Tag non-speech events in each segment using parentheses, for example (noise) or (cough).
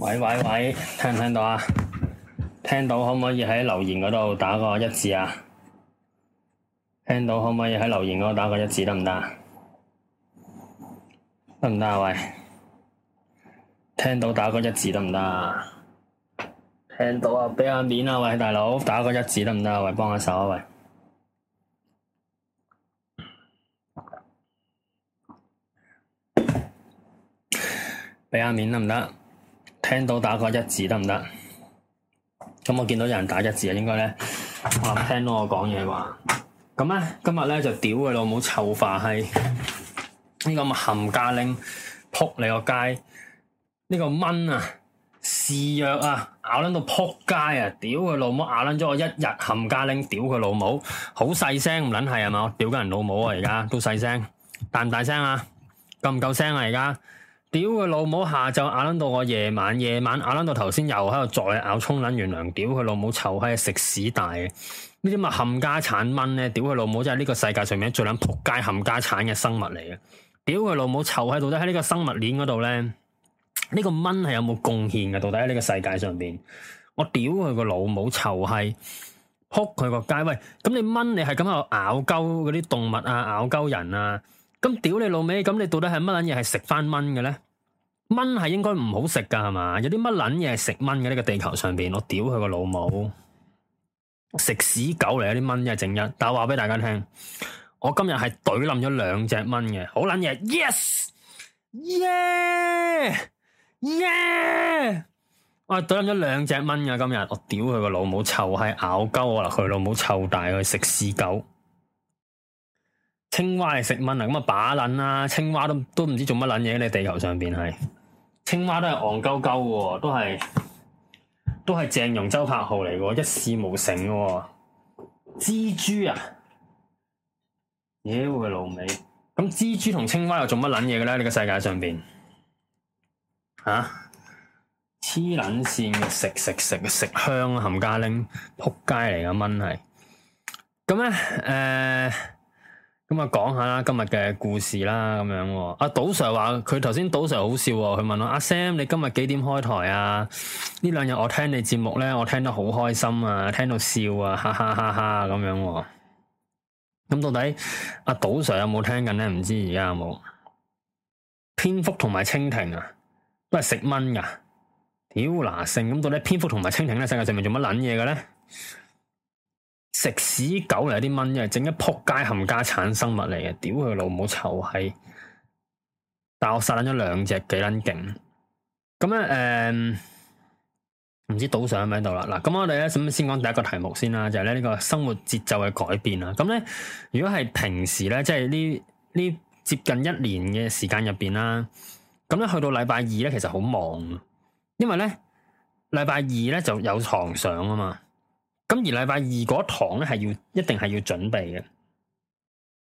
喂喂喂，聽唔聽到啊？聽到可唔可以喺留言嗰度打個一字啊？聽到可唔可以喺留言嗰度打個一字得唔得？行行啊？得唔得啊？喂，聽到打個一字得唔得啊？聽到啊，畀下面啊，喂，大佬，打個一字得唔得啊？喂，幫下手啊，喂，畀下面得唔得？行聽到打個一字得唔得？咁我見到有人打一字啊，應該咧，話聽到我講嘢啩？咁咧，今日咧就屌佢老母，臭化閪、這個！呢個冇冚家拎，扑你個街！呢、這個蚊啊，示弱啊，咬撚到扑街啊！屌佢老母，咬撚咗我一日冚家拎！屌佢老母，好細聲唔撚係啊嘛！我屌緊人老母啊，而家都細聲，大唔大聲啊？夠唔夠聲啊？而家？屌佢老母！下晝咬捻到我夜晚，夜晚阿咬捻到頭先，又喺度再咬沖捻完糧。屌佢老母臭閪食屎大！嘅呢啲乜冚家鏟蚊咧？屌佢老母真係呢個世界上面最捻扑街冚家鏟嘅生物嚟嘅。屌佢老母臭閪到底喺呢個生物鏈嗰度咧？呢、呢個蚊係有冇貢獻噶？到底喺呢個世界上邊？我屌佢個老母臭閪，扑佢個街！喂，咁你蚊你係咁喺度咬鳩嗰啲動物啊，咬鳩人啊，咁屌你老味，咁你到底係乜捻嘢？係食翻蚊嘅咧？蚊係應該唔好食噶係嘛？有啲乜捻嘢食蚊嘅，呢個地球上邊？我屌佢個老母！食屎狗嚟，有啲蚊一日整日。但係話俾大家聽，我今日係懟冧咗兩隻蚊嘅，好捻嘢！Yes，yeah，yeah！我懟冧咗兩隻蚊噶今日，我屌佢個老母，臭閪咬鳩我啦，佢老母臭大，佢食屎狗。青蛙係食蚊啊，咁啊把捻啦，青蛙都都唔知做乜捻嘢呢？地球上邊係。青蛙都係戇鳩鳩嘅，都係都係鄭融周柏豪嚟嘅，一事無成嘅。蜘蛛啊，耶、欸！佢老味。咁、嗯、蜘蛛同青蛙又做乜撚嘢嘅咧？呢、這個世界上邊吓，黐撚線嘅食食食食香冚、啊、家拎扑街嚟嘅蚊係，咁咧誒。呃咁啊，講下啦今日嘅故事啦，咁樣。阿賭 Sir 話佢頭先賭 Sir 好笑、哦，佢問我阿、啊、Sam 你今日幾點開台啊？呢兩日我聽你節目咧，我聽得好開心啊，聽到笑啊，哈哈哈哈咁樣、啊。咁到底阿賭 Sir 有冇聽緊咧？唔知而家有冇？蝙蝠同埋蜻蜓啊，都係食蚊噶。屌、哎、嗱，成咁到底蝙蝠同埋蜻蜓咧，世界上面做乜撚嘢嘅咧？食屎狗嚟啲蚊，因為整一撲街冚家鏟生物嚟嘅，屌佢老母臭閪！但我殺爛咗兩隻幾撚勁，咁咧誒，唔、嗯、知賭上唔喺度啦。嗱，咁我哋咧咁先講第一個題目先啦，就係咧呢個生活節奏嘅改變啦。咁咧如果係平時咧，即係呢呢接近一年嘅時間入邊啦，咁咧去到禮拜二咧，其實好忙，因為咧禮拜二咧就有床上啊嘛。咁而禮拜二嗰堂咧係要一定係要準備嘅，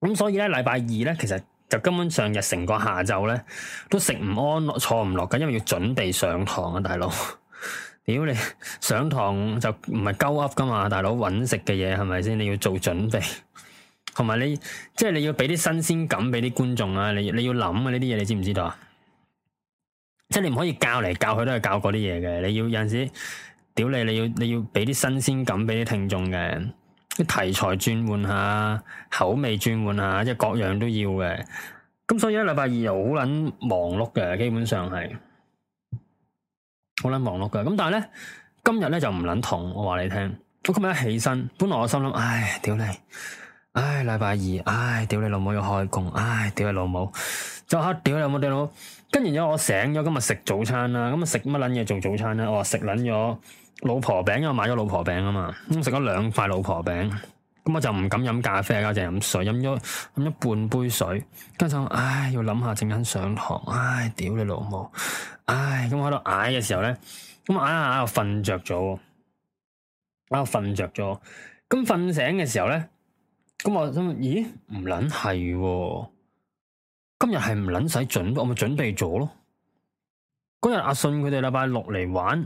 咁所以咧禮拜二咧其實就根本上日成個下晝咧都食唔安落，坐唔落嘅，因為要準備上堂啊，大佬！屌你上堂就唔係鳩噏噶嘛，大佬，搵食嘅嘢係咪先？你要做準備，同埋你即係你要俾啲新鮮感俾啲觀眾啊！你你要諗啊呢啲嘢，你知唔知道啊？即係你唔可以教嚟教去都係教嗰啲嘢嘅，你要有陣時。屌你！你要你要俾啲新鮮感俾啲聽眾嘅，啲題材轉換下，口味轉換下，即係各樣都要嘅。咁所以咧禮拜二又好捻忙碌嘅，基本上係好捻忙碌噶。咁但係咧今日咧就唔捻同，我話你聽。我今日一起身，本來我心諗，唉，屌你，唉，禮拜二，唉，屌你老母要開工，唉，屌你老母，就吓，屌你老母屌佬。跟住咗我醒咗，今日食早餐啦，咁啊食乜捻嘢做早餐咧？我話食捻咗。老婆餅，我買咗老婆餅啊嘛，咁食咗兩塊老婆餅，咁我就唔敢飲咖啡啦，淨係飲水，飲咗飲咗半杯水，跟住想，唉，要諗下，正緊上堂，唉，屌你老母，唉，咁我喺度嗌嘅時候咧，咁我嗌下嗌下，我瞓着咗，我瞓着咗，咁瞓醒嘅時候咧，咁我咦，唔捻係，今日係唔捻使準備，我咪準備咗咯，嗰日阿信佢哋禮拜六嚟玩。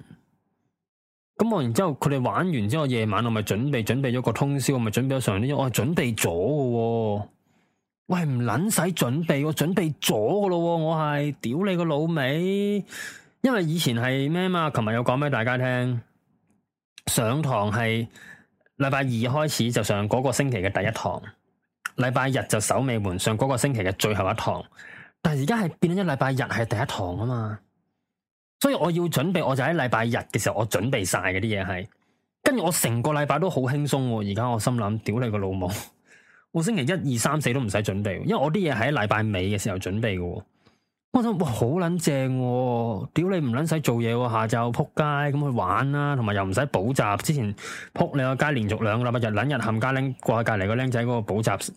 咁我然之後佢哋玩完之後夜晚我咪準備準備咗個通宵，我咪準備上呢，我係準備咗嘅，喂，唔撚使準備，我準備咗嘅咯，我係屌你個老味！因為以前係咩嘛，琴日有講俾大家聽，上堂係禮拜二開始就上嗰個星期嘅第一堂，禮拜日就守尾門上嗰個星期嘅最後一堂，但係而家係變咗禮拜日係第一堂啊嘛。所以我要準備，我就喺禮拜日嘅時候我準備晒嘅啲嘢係，跟住我成個禮拜都好輕鬆。而家我心諗，屌你個老母，我星期一二三四都唔使準備，因為我啲嘢喺禮拜尾嘅時候準備嘅。我想，哇，好撚正，屌你唔撚使做嘢，下晝扑街咁去玩啦，啊，同埋又唔使補習。之前扑你個街，連續兩個禮拜日，兩日冚家拎過去隔籬個僆仔嗰個補習。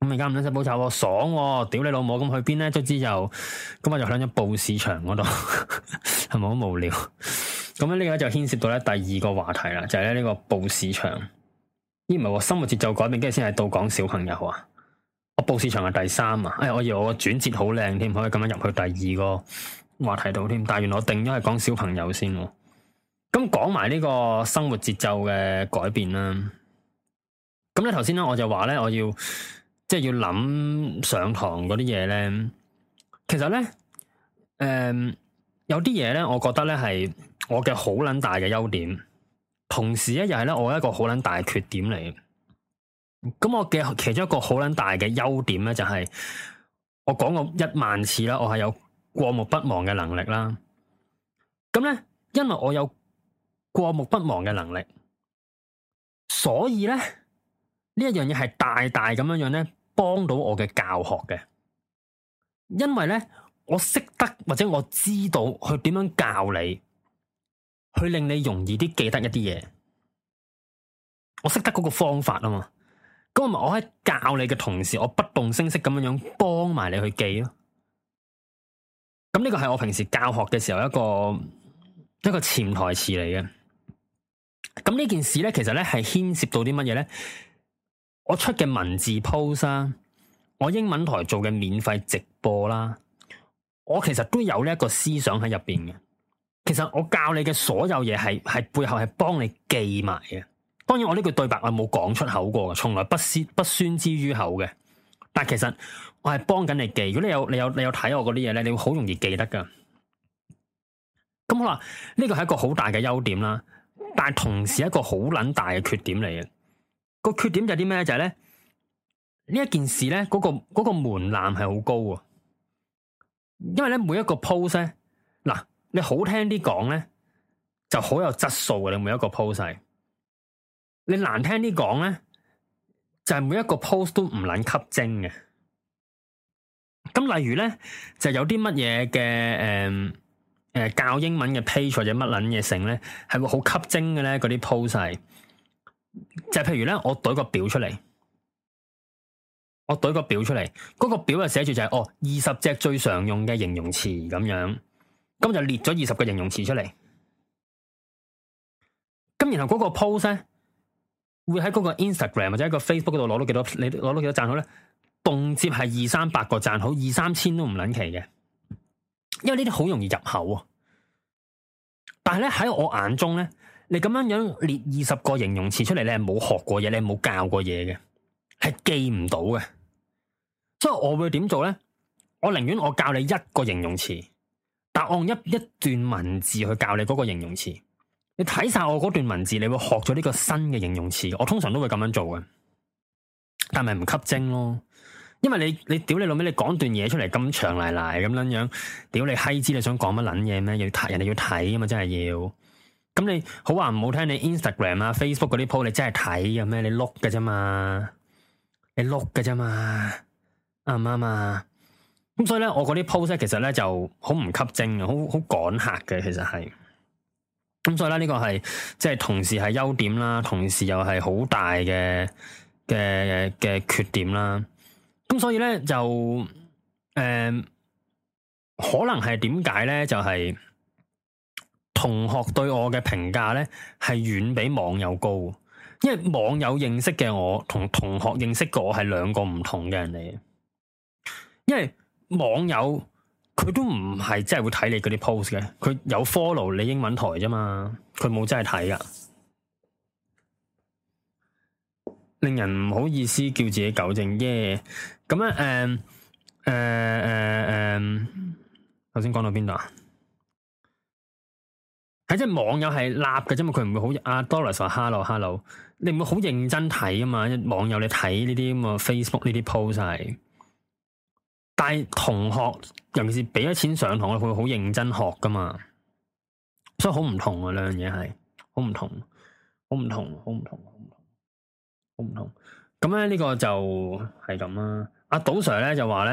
咁而家唔想食爆炒，爽，啊，屌你老母！咁去邊咧？卒之就咁我就響咗布市場嗰度，係咪好無聊？咁咧呢個就牽涉到咧第二個話題啦，就係咧呢個布市場。咦，唔係，生活節奏改變，跟住先係到講小朋友啊！我布市場係第三啊，哎，我以為我轉接好靚添，可以咁樣入去第二個話題度添。但係原來我定咗係講小朋友先。咁講埋呢個生活節奏嘅改變啦。咁咧頭先咧我就話咧我要。即係要諗上堂嗰啲嘢咧，其實咧，誒、呃，有啲嘢咧，我覺得咧係我嘅好捻大嘅優點，同時咧又係咧我一個好捻大嘅缺點嚟。咁我嘅其中一個好捻大嘅優點咧就係、是，我講過一萬次啦，我係有過目不忘嘅能力啦。咁咧，因為我有過目不忘嘅能力，所以咧呢一樣嘢係大大咁樣樣咧。幫到我嘅教學嘅，因為咧我識得或者我知道去點樣教你，去令你容易啲記得一啲嘢。我識得嗰個方法啊嘛，咁我咪我喺教你嘅同時，我不動聲色咁樣樣幫埋你去記咯。咁呢個係我平時教學嘅時候一個一個潛台詞嚟嘅。咁呢件事咧，其實咧係牽涉到啲乜嘢咧？我出嘅文字 post 我英文台做嘅免費直播啦，我其實都有呢一個思想喺入邊嘅。其實我教你嘅所有嘢係係背後係幫你記埋嘅。當然我呢句對白我冇講出口過嘅，從來不宣不宣之於口嘅。但其實我係幫緊你記。如果你有你有你有睇我嗰啲嘢咧，你會好容易記得噶。咁好啦，呢個係一個好大嘅優點啦，但係同時一個好撚大嘅缺點嚟嘅。個缺點就係啲咩就係、是、咧呢一件事咧，嗰、那個嗰、那個門檻係好高啊！因為咧每一個 post 咧，嗱你好聽啲講咧就好有質素嘅，你每一個 post，你難聽啲講咧就係、是、每一個 post 都唔撚吸睛嘅。咁例如咧就有啲乜嘢嘅誒誒教英文嘅 page 或者乜撚嘢成咧係會好吸睛嘅咧？嗰啲 post。就係譬如咧，我懟個表出嚟，我懟個表出嚟，嗰、那個表就寫住就係、是、哦，二十隻最常用嘅形容詞咁樣，咁就列咗二十個形容詞出嚟。咁然後嗰個 post 咧，會喺嗰個 Instagram 或者喺個 Facebook 度攞到幾多？你攞到幾多讚好咧？動輒係二三百個讚好，二三千都唔捻奇嘅，因為呢啲好容易入口啊。但係咧喺我眼中咧。你咁樣樣列二十個形容詞出嚟，你係冇學過嘢，你係冇教過嘢嘅，係記唔到嘅。所以我會點做咧？我寧願我教你一個形容詞，答案一一段文字去教你嗰個形容詞。你睇晒我嗰段文字，你會學咗呢個新嘅形容詞。我通常都會咁樣做嘅，但係唔吸睛咯。因為你你屌你老味，你講段嘢出嚟咁長瀨瀨咁樣樣，屌你閪知你，你想講乜捻嘢咩？要睇人哋要睇啊嘛，真係要。咁你好話唔好聽，你你的的，你 Instagram 啊、Facebook 嗰啲 post，你真係睇嘅咩？你碌噶啫嘛，你碌噶啫嘛，啱唔啱啊？咁、嗯嗯、所以咧，我嗰啲 post 咧，其實咧就好唔吸睛，啊、嗯，好好趕客嘅，其實係。咁所以咧，呢、這個係即係同時係優點啦，同時又係好大嘅嘅嘅缺點啦。咁、嗯、所以咧，就誒、呃，可能係點解咧？就係、是。同學對我嘅評價呢係遠比網友高，因為網友認識嘅我同同學認識嘅我係兩個唔同嘅人嚟。因為網友佢都唔係真係會睇你嗰啲 post 嘅，佢有 follow 你英文台啫嘛，佢冇真係睇噶，令人唔好意思叫自己糾正耶，咁樣、yeah。啊，誒、嗯，誒、嗯，誒、嗯，誒、嗯，頭先講到邊度啊？睇即係網友係立嘅啫嘛，佢唔會好阿 Do Sir 話 Hello Hello，你唔會好認真睇啊嘛。網友你睇呢啲咁啊 Facebook 呢啲 post 係，但係同學尤其是俾咗錢上堂，佢會好認真學噶嘛，所以好唔同啊，兩樣嘢係好唔同，好唔同，好唔同，好唔同，好唔同。咁咧呢個就係咁啦。阿 Do Sir 咧就話咧，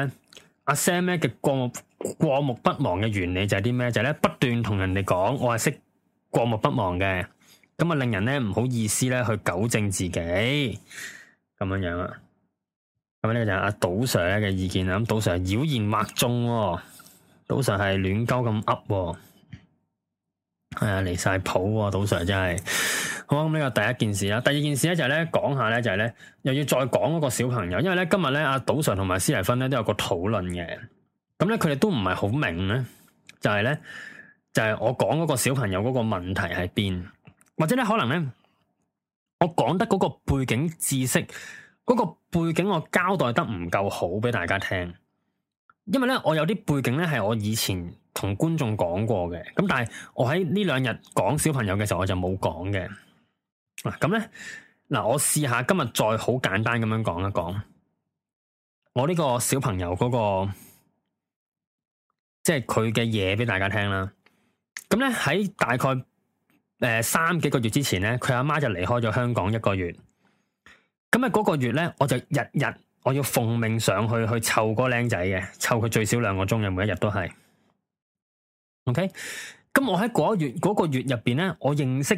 阿、啊、Sam 嘅過目過目不忘嘅原理就係啲咩？就係、是、咧不斷同人哋講，我係識。過目不忘嘅，咁啊令人咧唔好意思咧去糾正自己咁樣樣啊，咁呢個就係阿島常咧嘅意見啊，咁島 sir 妖言惑眾、哦，島 sir 係亂鳩咁噏，係啊離晒譜啊，島 sir，哦、真係。好，咁呢個第一件事啦，第二件事咧就係咧講下咧就係，是，咧又要再講嗰個小朋友，因為咧今日咧阿島 sir 同埋施麗芬咧都有個討論嘅，咁咧佢哋都唔係好明咧，就係，是，咧。就係我講嗰個小朋友嗰個問題喺邊？或者咧可能咧，我講得嗰個背景知識，嗰個背景我交代得唔夠好俾大家聽，因為咧我有啲背景咧係我以前同觀眾講過嘅，咁但係我喺呢兩日講小朋友嘅時候我就冇講嘅，嗱咁咧嗱，我試下今日再好簡單咁樣講一講，我呢個小朋友嗰個即係佢嘅嘢俾大家聽啦。咁咧喺大概誒、呃、三幾個月之前咧，佢阿媽就離開咗香港一個月。咁啊嗰個月咧，我就日日我要奉命上去去湊嗰個靚仔嘅，湊佢最少兩個鐘嘅每一日都係。OK，咁我喺嗰月個月入邊咧，我認識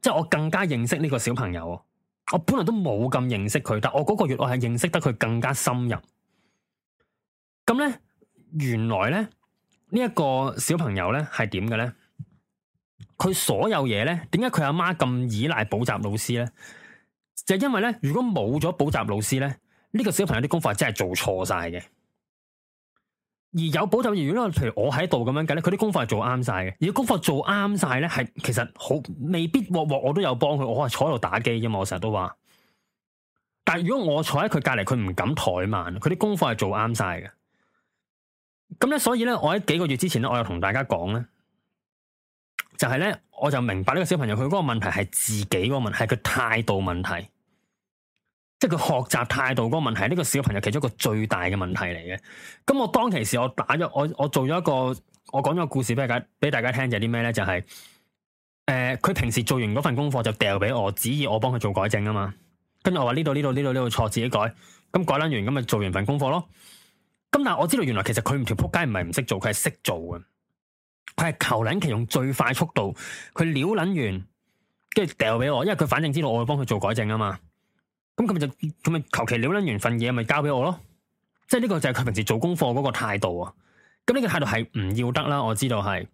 即係、就是、我更加認識呢個小朋友。我本來都冇咁認識佢，但我嗰個月我係認識得佢更加深入。咁咧，原來咧呢一、這個小朋友咧係點嘅咧？佢所有嘢咧，點解佢阿媽咁依賴補習老師咧？就係、因為咧，如果冇咗補習老師咧，呢個小朋友啲功課真係做錯晒嘅。而有補習員咧，譬如我喺度咁樣計咧，佢啲功課係做啱晒嘅。而功課做啱晒咧，係其實好未必。我我我都有幫佢，我係坐喺度打機啫嘛。我成日都話，但係如果我坐喺佢隔籬，佢唔敢怠慢，佢啲功課係做啱晒嘅。咁咧，所以咧，我喺幾個月之前咧，我有同大家講咧。就係咧，我就明白呢個小朋友佢嗰個問題係自己個問題，係佢態度問題，即係佢學習態度嗰個問題。呢、這個小朋友其中一個最大嘅問題嚟嘅。咁、嗯、我當其時我打咗我我做咗一個我講咗個故事俾大家俾大家聽就係啲咩咧？就係、是、誒，佢、就是呃、平時做完嗰份功課就丟掉俾我，指意我幫佢做改正啊嘛。跟住我話呢度呢度呢度呢度錯，自己改。咁、嗯、改捻完咁咪、嗯、做完份功課咯。咁、嗯、但係我知道原來其實佢唔條撲街唔係唔識做，佢係識做嘅。佢係求捻其用最快速度，佢撩捻完，跟住掉俾我，因為佢反正知道我會幫佢做改正啊嘛。咁佢咪就佢咪求其撩捻完份嘢，咪交俾我咯。即係呢個就係佢平時做功課嗰個態度啊。咁呢個態度係唔要得啦，我知道係。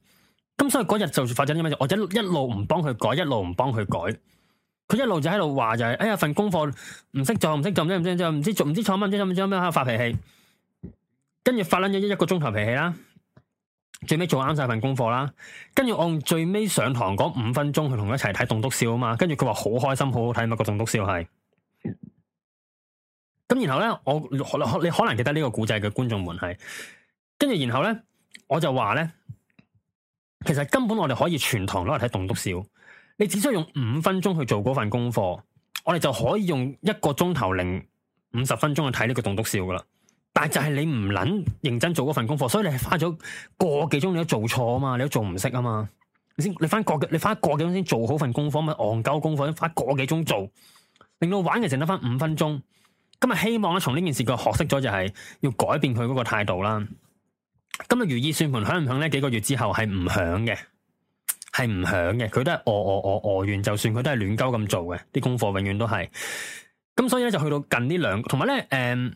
咁所以嗰日就發生啲乜嘢？我一一路唔幫佢改，一路唔幫佢改。佢一路就喺度話就係，哎呀份功課唔識做，唔識做，唔識做，唔知做，唔知坐乜嘢，錯乜嘢，錯乜嘢，發脾氣。跟住發捻咗一個鐘頭脾氣啦。最尾做啱晒份功課啦，跟住我用最尾上堂嗰五分鐘，去同佢一齊睇《棟篤笑》啊嘛，跟住佢話好開心，好好睇啊嘛，個《棟篤笑》係。咁然後咧，我你可能記得呢個古仔嘅觀眾們係，跟住然後咧，我就話咧，其實根本我哋可以全堂攞嚟睇《棟篤笑》，你只需要用五分鐘去做嗰份功課，我哋就可以用一個鐘頭零五十分鐘去睇呢個棟篤笑噶啦。但就係你唔捻認真做嗰份功課，所以你係花咗個幾鐘你都做錯啊嘛，你都做唔識啊嘛。你先你翻個你花個幾鐘先做好份功課，咪戇鳩功課，先、嗯、花個幾鐘做，令到玩嘅成得翻五分鐘。今日希望咧從呢件事個學識咗就係要改變佢嗰個態度啦。今日如意算盤響唔響呢？幾個月之後係唔響嘅，係唔響嘅。佢都係餓餓餓餓完，就算佢都係亂鳩咁做嘅，啲功課永遠都係。咁所以咧就去到近呢兩，同埋咧誒。嗯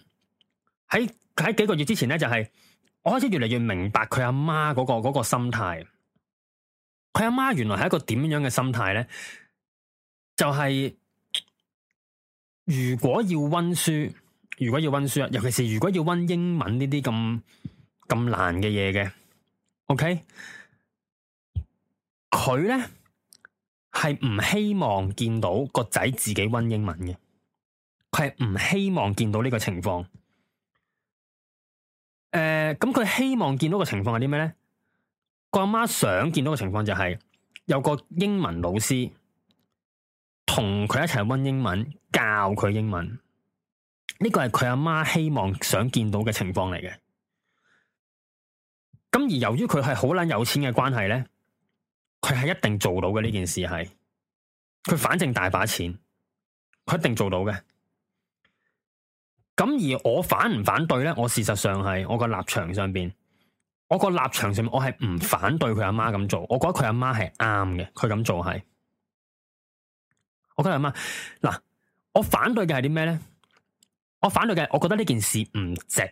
喺喺幾個月之前咧，就係我開始越嚟越明白佢阿媽嗰個嗰個心態。佢阿媽原來係一個點樣嘅心態咧？就係如果要温書，如果要温書啊，尤其是如果要温英文呢啲咁咁難嘅嘢嘅，OK，佢咧係唔希望見到個仔自己温英文嘅，佢係唔希望見到呢個情況。誒，咁佢、呃、希望見到嘅情況係啲咩咧？個阿媽想見到嘅情況就係有個英文老師同佢一齊温英文，教佢英文。呢、呢個係佢阿媽希望想見到嘅情況嚟嘅。咁而由於佢係好捻有錢嘅關係咧，佢係一定做到嘅呢件事係，佢反正大把錢，佢一定做到嘅。咁而我反唔反對咧？我事實上係我個立場上邊，我個立場上面，我係唔反對佢阿媽咁做。我覺得佢阿媽係啱嘅，佢咁做係。我覺得佢阿媽嗱，我反對嘅係啲咩咧？我反對嘅係我覺得呢件事唔值。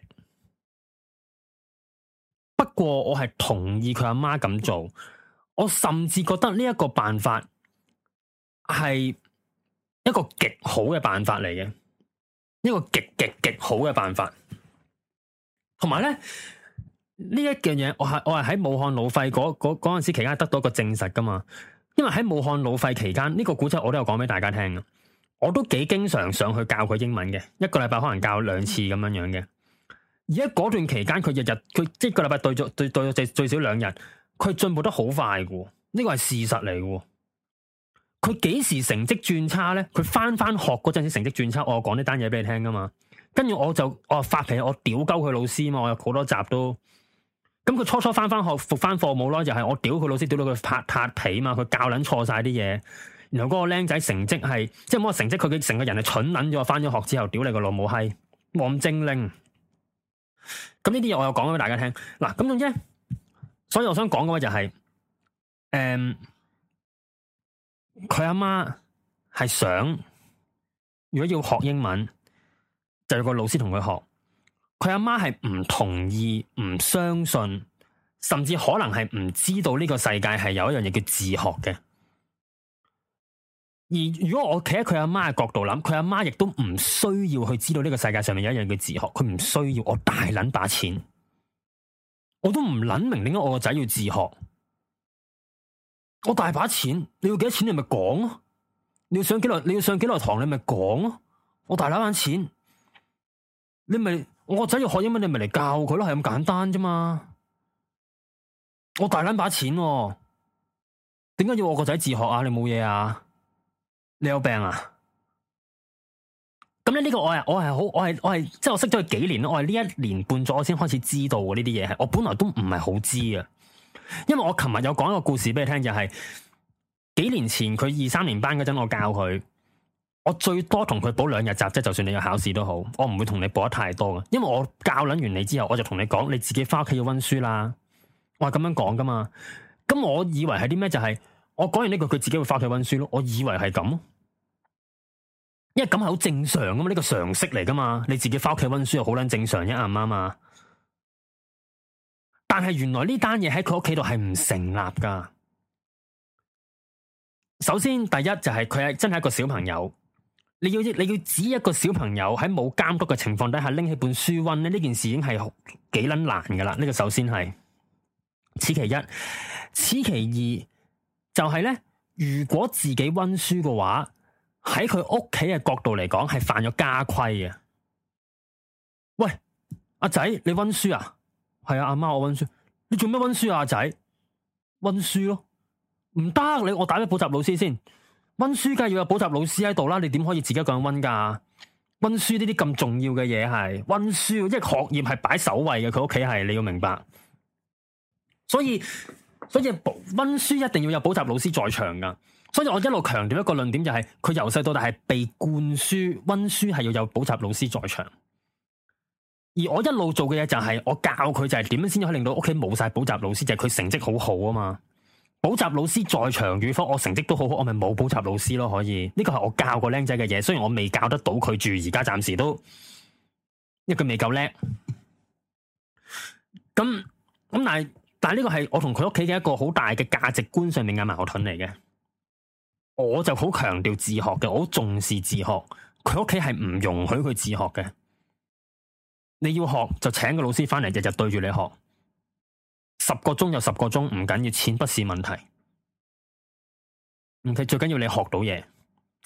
不過我係同意佢阿媽咁做。我甚至覺得呢一個辦法係一個極好嘅辦法嚟嘅。一個極極極好嘅辦法，同埋咧呢一樣嘢，我係我係喺武漢老費嗰嗰嗰陣時期間得到個證實噶嘛，因為喺武漢老費期間呢個古仔我都有講俾大家聽嘅，我都幾經常上去教佢英文嘅，一個禮拜可能教兩次咁樣樣嘅，而家嗰段期間佢日日佢一個禮拜對咗對對咗最最少兩日，佢進步得好快嘅，呢個係事實嚟嘅。佢幾時成績轉差咧？佢翻翻學嗰陣時成績轉差，我講呢單嘢俾你聽噶嘛。跟住我就我發脾氣，我屌鳩佢老師嘛，我有好多集都。咁佢初初翻翻學復翻課冇咯，就係、是、我屌佢老師，屌到佢拍拍皮啊嘛。佢教捻錯晒啲嘢，然後嗰個僆仔成績係即係冇個成績，佢嘅成個人係蠢捻咗。翻咗學之後，屌你個老母閪王精靈。咁呢啲嘢我又講俾大家聽嗱，咁總之，所以我想講嘅話就係，誒、嗯。佢阿媽係想，如果要學英文，就有個老師同佢學。佢阿媽係唔同意、唔相信，甚至可能係唔知道呢個世界係有一樣嘢叫自學嘅。而如果我企喺佢阿媽嘅角度諗，佢阿媽亦都唔需要去知道呢個世界上面有一樣嘢叫自學。佢唔需要我大捻把錢，我都唔捻明點解我個仔要自學。我大把錢，你要幾多錢你咪講咯。你要上幾耐，你要上幾耐堂你咪講咯。我大把錢，你咪我個仔要學英文你咪嚟教佢咯，係咁簡單啫嘛。我大把錢啊，點解要我個仔自學啊？你冇嘢啊？你有病啊？咁咧呢個我係我係好我係我係即係我識咗佢幾年咯，我係呢一年半咗我先開始知道嘅呢啲嘢係我本來都唔係好知啊。因為我琴日有講一個故事俾你聽，就係、是、幾年前佢二三年班嗰陣，我教佢，我最多同佢補兩日習，即就算你有考試都好，我唔會同你補得太多嘅。因為我教捻完你之後，我就同你講，你自己翻屋企要溫書啦。我係咁樣講噶嘛。咁我以為係啲咩？就係、是、我講完呢句，佢自己會翻屋企溫書咯。我以為係咁，因為咁係好正常噶嘛，呢個常識嚟噶嘛。你自己翻屋企溫書又好捻正常，啱唔啱啊？但係原來呢單嘢喺佢屋企度係唔成立噶首先第一就係佢係真係一個小朋友，你要你要指一個小朋友喺冇監督嘅情況底下拎起本書溫咧，呢件事已經係幾捻難噶啦。呢個首先係此其一，此其二就係咧，如果自己溫書嘅話，喺佢屋企嘅角度嚟講係犯咗家規嘅。喂，阿仔，你溫書啊？係啊，阿媽，我温書，你做咩温書啊，仔？温書咯，唔得你，我打畀補習老師先。温書梗係要有補習老師喺度啦，你點可以自己一個人温噶？温書呢啲咁重要嘅嘢係温書，即係學業係擺首位嘅。佢屋企係你要明白，所以所以温書一定要有補習老師在場噶。所以我一路強調一個論點就係，佢由細到大係被灌輸温書係要有補習老師在場。而我一路做嘅嘢就係我教佢，就係點樣先可以令到屋企冇晒補習老師，就係、是、佢成績好好啊嘛。補習老師在場與否，我成績都好好，我咪冇補習老師咯。可以，呢個係我教個僆仔嘅嘢，雖然我未教得到佢住，而家暫時都因為佢未夠叻。咁咁，但係但係呢個係我同佢屋企嘅一個好大嘅價值觀上面嘅矛盾嚟嘅。我就好強調自學嘅，我好重視自學。佢屋企係唔容許佢自學嘅。你要學就請個老師翻嚟，日日對住你學，十個鐘有十個鐘唔緊要，錢不是問題。唔睇，最緊要你學到嘢，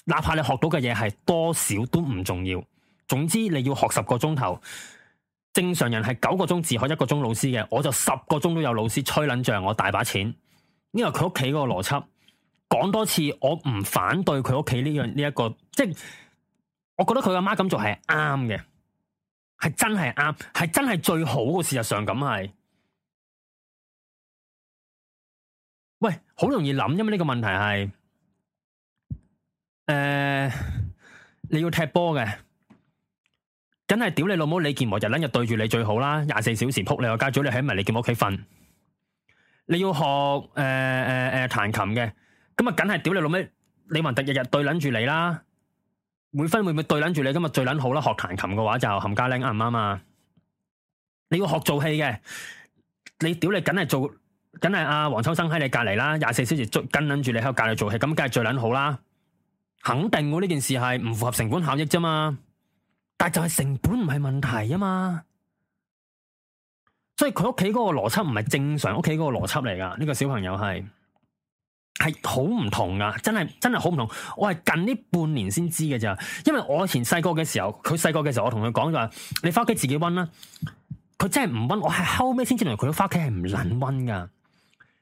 哪怕你學到嘅嘢係多少都唔重要。總之你要學十個鐘頭，正常人係九個鐘自學一個鐘老師嘅，我就十個鐘都有老師吹撚脹，我大把錢。因為佢屋企嗰個邏輯，講多次我唔反對佢屋企呢樣呢一個，即我覺得佢阿媽咁做係啱嘅。係真係啱，係真係最好嘅。事實上咁係，喂，好容易諗，因為呢個問題係，誒、呃，你要踢波嘅，梗係屌你老母李健和就日日對住你最好啦，廿四小時仆你，家長你喺埋李健和屋企瞓。你要學誒誒誒彈琴嘅，咁啊，梗係屌你老母。李雲迪日日對捻住你啦。每分每秒對撚住你，今日最撚好啦！學彈琴嘅話就冚家靚啱唔啱啊？你要學做戲嘅，你屌你，你，你，梗係做，梗係阿黃秋生喺你隔離啦，廿四小時追跟撚住你喺度隔離做戲，咁梗係最撚好啦啊！肯定我呢件事係唔符合成本效益啫嘛，但係就係成本唔係問題啊嘛，所以佢屋企嗰個邏輯唔係正常屋企嗰個邏輯嚟㗎，呢、呢個小朋友係。係好唔同噶，真係真係好唔同。我係近呢半年先知嘅咋，因為我以前細個嘅時候，佢細個嘅時候我，我同佢講就話：你返屋企自己溫啦。佢真係唔溫，我係後尾先知嚟，佢返屋企係唔撚溫噶，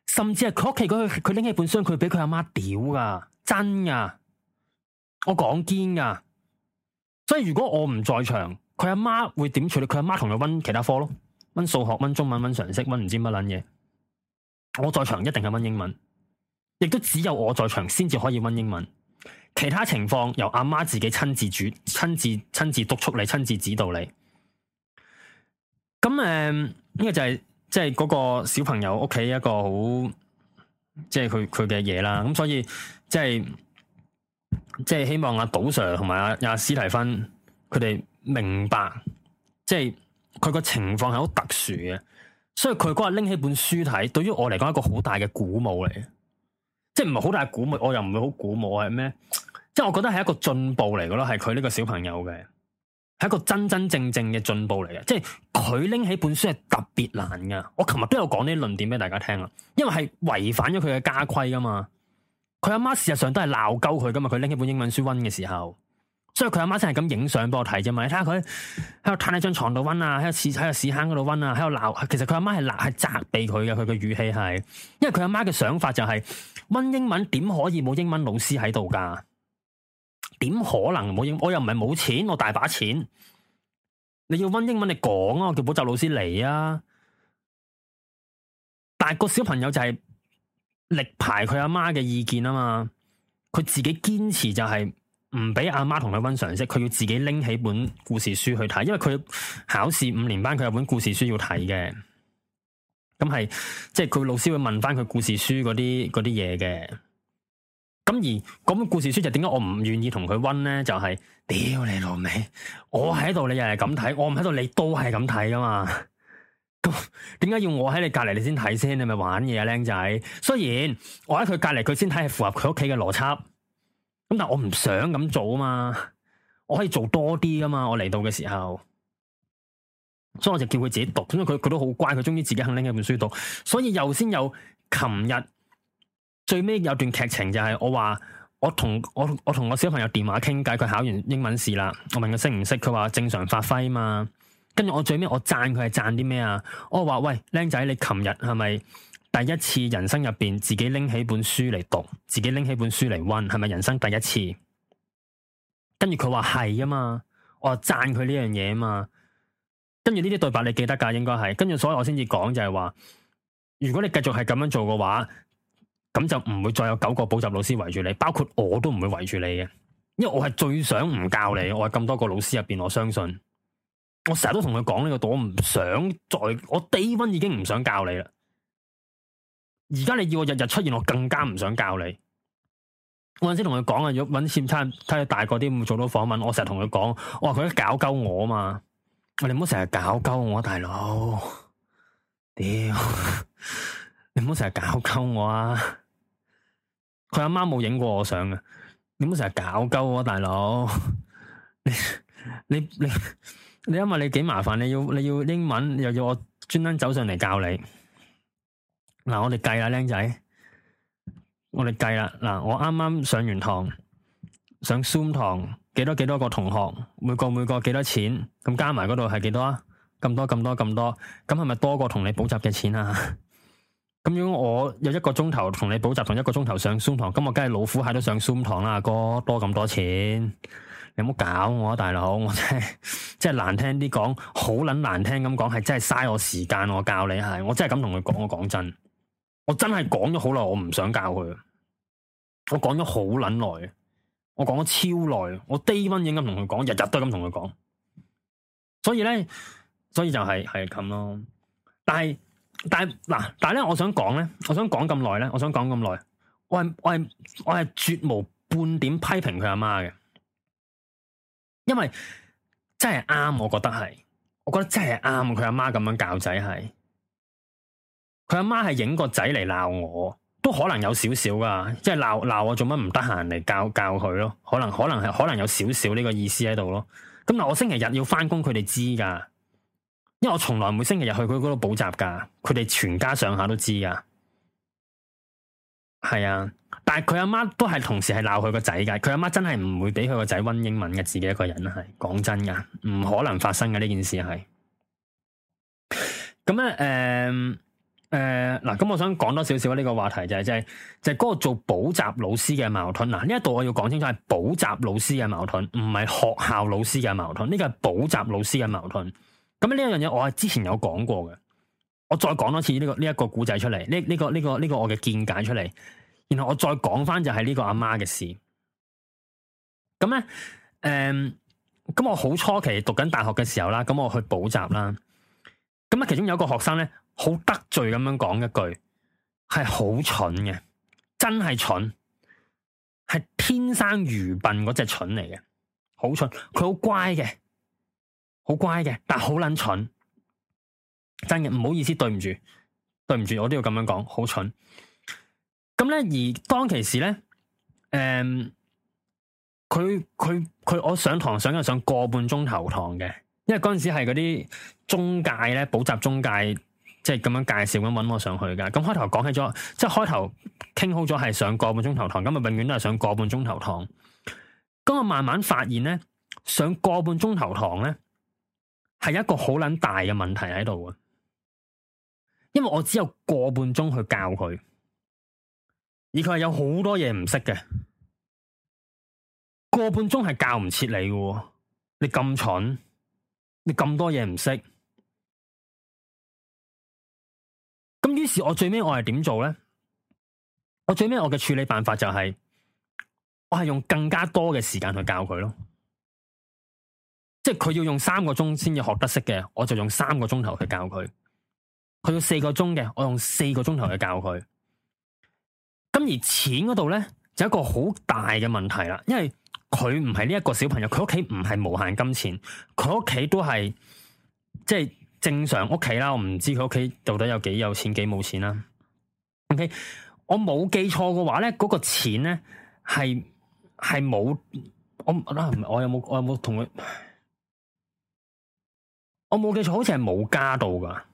甚至係佢屋企佢拎起本箱，佢俾佢阿媽屌噶，真噶。我講堅噶，所以如果我唔在場，佢阿媽會點處理？佢阿媽同佢溫其他科咯，溫數學、溫中文、溫常識、溫唔知乜撚嘢。我在場一定係溫英文。亦都只有我在場先至可以溫英文，其他情況由阿媽自己親自主，親自親自督促你、親自指導你。咁誒，呢、嗯這個就係即係嗰個小朋友屋企一個好，即係佢佢嘅嘢啦。咁所以即係即係希望阿杜 sir 同埋阿阿斯提芬佢哋明白，即係佢個情況係好特殊嘅，所以佢嗰日拎起本書睇，對於我嚟講一個好大嘅鼓舞嚟嘅。即係唔係好大鼓舞，我又唔會好鼓舞。我係咩？即係我覺得係一個進步嚟嘅咯，係佢呢個小朋友嘅，係一個真真正正嘅進步嚟嘅。即係佢拎起本書係特別難噶。我琴日都有講呢啲論點俾大家聽啊，因為係違反咗佢嘅家規噶嘛。佢阿媽事實上都係鬧鳩佢噶嘛。佢拎起本英文書溫嘅時候。所以佢阿媽先係咁影相畀我睇啫嘛，你睇下佢喺度攤喺張床度溫啊，喺屎喺個屎坑嗰度溫啊，喺度鬧。其實佢阿媽係辣係責備佢嘅，佢嘅語氣係，因為佢阿媽嘅想法就係、是、溫英文點可以冇英文老師喺度㗎？點可能冇英文？我又唔係冇錢，我大把錢。你要溫英文你，你講啊，我叫補習老師嚟啊。但係個小朋友就係力排佢阿媽嘅意見啊嘛，佢自己堅持就係、是。唔俾阿媽同佢溫常識，佢要自己拎起本故事書去睇，因為佢考試五年班佢有本故事書要睇嘅。咁係即係佢老師會問翻佢故事書嗰啲啲嘢嘅。咁而嗰本故事書就點解我唔願意同佢溫咧？就係、是、屌你老味，我喺度你又係咁睇，我唔喺度你都係咁睇噶嘛？咁點解要我喺你隔籬你先睇先？你咪玩嘢啊，僆仔！雖然我喺佢隔籬，佢先睇係符合佢屋企嘅邏輯。咁但係我唔想咁做啊嘛，我可以做多啲啊嘛，我嚟到嘅時候，所以我就叫佢自己讀，因佢佢都好乖，佢中意自己肯拎一本書讀，所以又先有琴日最尾有段劇情就係我話我同我我同我小朋友電話傾偈，佢考完英文試啦，我問佢識唔識，佢話正常發揮啊嘛，跟住我最尾我讚佢係讚啲咩啊？我話喂，僆仔，你琴日係咪？第一次人生入面，自己拎起本書嚟讀，自己拎起本書嚟溫，係咪人生第一次？跟住佢話係啊嘛，我讚佢呢樣嘢啊嘛。跟住呢啲對白你記得噶，應該係。跟住所以我先至講就係話，如果你繼續係咁樣做嘅話，咁就唔會再有九個補習老師圍住你，包括我都唔會圍住你嘅，因為我係最想唔教你，我係咁多個老師入面，我相信我成日都同佢講呢個，我唔想再，我低溫已經唔想教你啦。而家你要我日日出現，我更加唔想教你。我嗰陣時同佢講啊，如果揾線差，睇佢大個啲，唔做到訪問。我成日同佢講，我話佢一搞鳩我嘛，你唔好成日搞鳩我，大佬，屌，你唔好成日搞鳩我啊！佢阿媽冇影過我相啊，你唔好成日搞鳩我，大佬，你你你你，你你你你因為你幾麻煩，你要你要英文，又要我專登走上嚟教你。嗱、啊，我哋計啦，僆仔，我哋計啦。嗱、啊，我啱啱上完堂，上 zoom 堂，幾多幾多個同學，每個每個幾多錢，咁加埋嗰度係幾多啊？咁多咁多咁多，咁係咪多過同你補習嘅錢啊？咁 (laughs) 如果我有一個鐘頭同你補習，同一個鐘頭上 zoom 堂，咁我梗係老虎蟹都上 zoom 堂啦，哥，哥，多咁多錢，你唔好搞我啊，大佬！我真係，即 (laughs) 係難聽啲講，好捻難聽咁講，係真係嘥我時間，我教你係，我真係咁同佢講，我講真。我真係講咗好耐，我唔想教佢。我講咗好捻耐，我講咗超耐，我低溫應該同佢講，日日都咁同佢講。所以咧，所以就係係咁咯。但係但係嗱，但係咧，我想講咧，我想講咁耐咧，我想講咁耐，我係我係我係絕無半點批評佢阿媽嘅，因為真係啱，我覺得係，我覺得真係啱，佢阿媽咁樣教仔係。佢阿媽係影個仔嚟鬧我，都可能有少少噶，即係鬧鬧我做乜唔得閒嚟教教佢咯？可能可能係可能有少少呢個意思喺度咯。咁嗱，我星期日要翻工，佢哋知噶，因為我從來每星期日去佢嗰度補習噶，佢哋全家上下都知噶。係啊，但係佢阿媽都係同時係鬧佢個仔噶。佢阿媽真係唔會俾佢個仔溫英文嘅，自己一個人係講真噶，唔可能發生嘅呢件事係。咁咧，誒、嗯。誒，嗱、呃，咁我想講多少少呢個話題就係即係就係、是、嗰個做補習老師嘅矛盾嗱，呢一度我要講清楚係補習老師嘅矛盾，唔係學校老師嘅矛盾，呢個係補習老師嘅矛盾。咁呢一樣嘢我係之前有講過嘅，我再講多次呢、這個呢一、這個古仔出嚟，呢、這、呢個呢、這個呢、這個這個我嘅見解出嚟，然後我再講翻就係呢個阿媽嘅事。咁咧，誒、嗯，咁我好初期讀緊大學嘅時候啦，咁我去補習啦，咁啊其中有一個學生咧。好得罪咁樣講一句，係好蠢嘅，真係蠢，係天生愚笨嗰隻蠢嚟嘅，好蠢。佢好乖嘅，好乖嘅，但好撚蠢。真嘅，唔好意思，對唔住，對唔住，我都要咁樣講，好蠢。咁咧，而當其時咧，誒、嗯，佢佢佢，我上堂上又上，上個半鐘頭堂嘅，因為嗰陣時係嗰啲中介咧，補習中介。即係咁樣介紹咁搵我上去噶，咁開頭講起咗，即係開頭傾好咗係上個半鐘頭堂，咁咪永遠都係上個半鐘頭堂。咁我慢慢發現咧，上個半鐘頭堂咧係一個好捻大嘅問題喺度啊！因為我只有個半鐘去教佢，而佢係有好多嘢唔識嘅，個半鐘係教唔切你嘅，你咁蠢，你咁多嘢唔識。咁於是，我我是，我最尾我係點做咧？我最尾我嘅處理辦法就係，我係用更加多嘅時間去教佢咯。即係佢要用三個鐘先至學得識嘅，我就用三個鐘頭去教佢。佢要四個鐘嘅，我用四個鐘頭去教佢。咁而錢嗰度咧，就一個好大嘅問題啦。因為佢唔係呢一個小朋友，佢屋企唔係無限金錢，佢屋企都係即係。正常屋企啦，我唔知佢屋企到底有幾有錢，幾冇錢啦，啊。O、okay? K，我冇記錯嘅話咧，嗰、嗰個錢咧係係冇我啦，我有冇我有冇同佢？我冇記錯，好似係冇加到噶，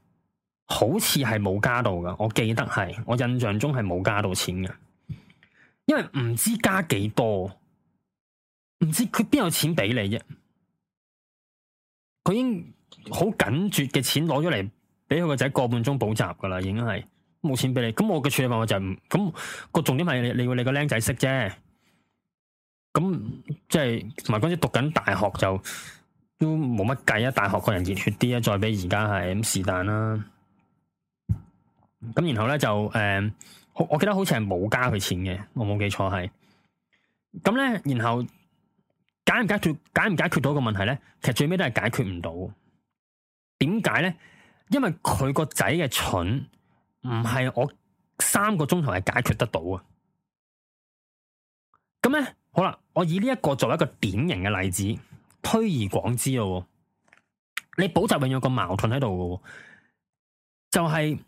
好似係冇加到噶。我記得係我印象中係冇加到錢嘅，因為唔知加幾多，唔知佢邊有錢俾你啫，佢已經。好緊絕嘅錢攞咗嚟俾佢個仔個半鐘補習噶啦，已經係冇錢俾你。咁我嘅處理方法就唔、是、咁、個重點係你，你會你個僆仔識啫。咁即係同埋嗰時讀緊大學就都冇乜計啊！大學個人熱血啲啊，再俾而家係咁是但啦。咁然後咧就誒，我、嗯、我記得好似係冇加佢錢嘅，我冇記錯係。咁咧，然後解唔解決解唔解決到個問題咧？其實最尾都係解決唔到。點解咧？因為佢個仔嘅蠢唔係我三個鐘頭係解決得到啊！咁咧，好啦，我以呢一個作為一個典型嘅例子，推而廣之咯。你補習永遠有個矛盾喺度嘅，就係、是、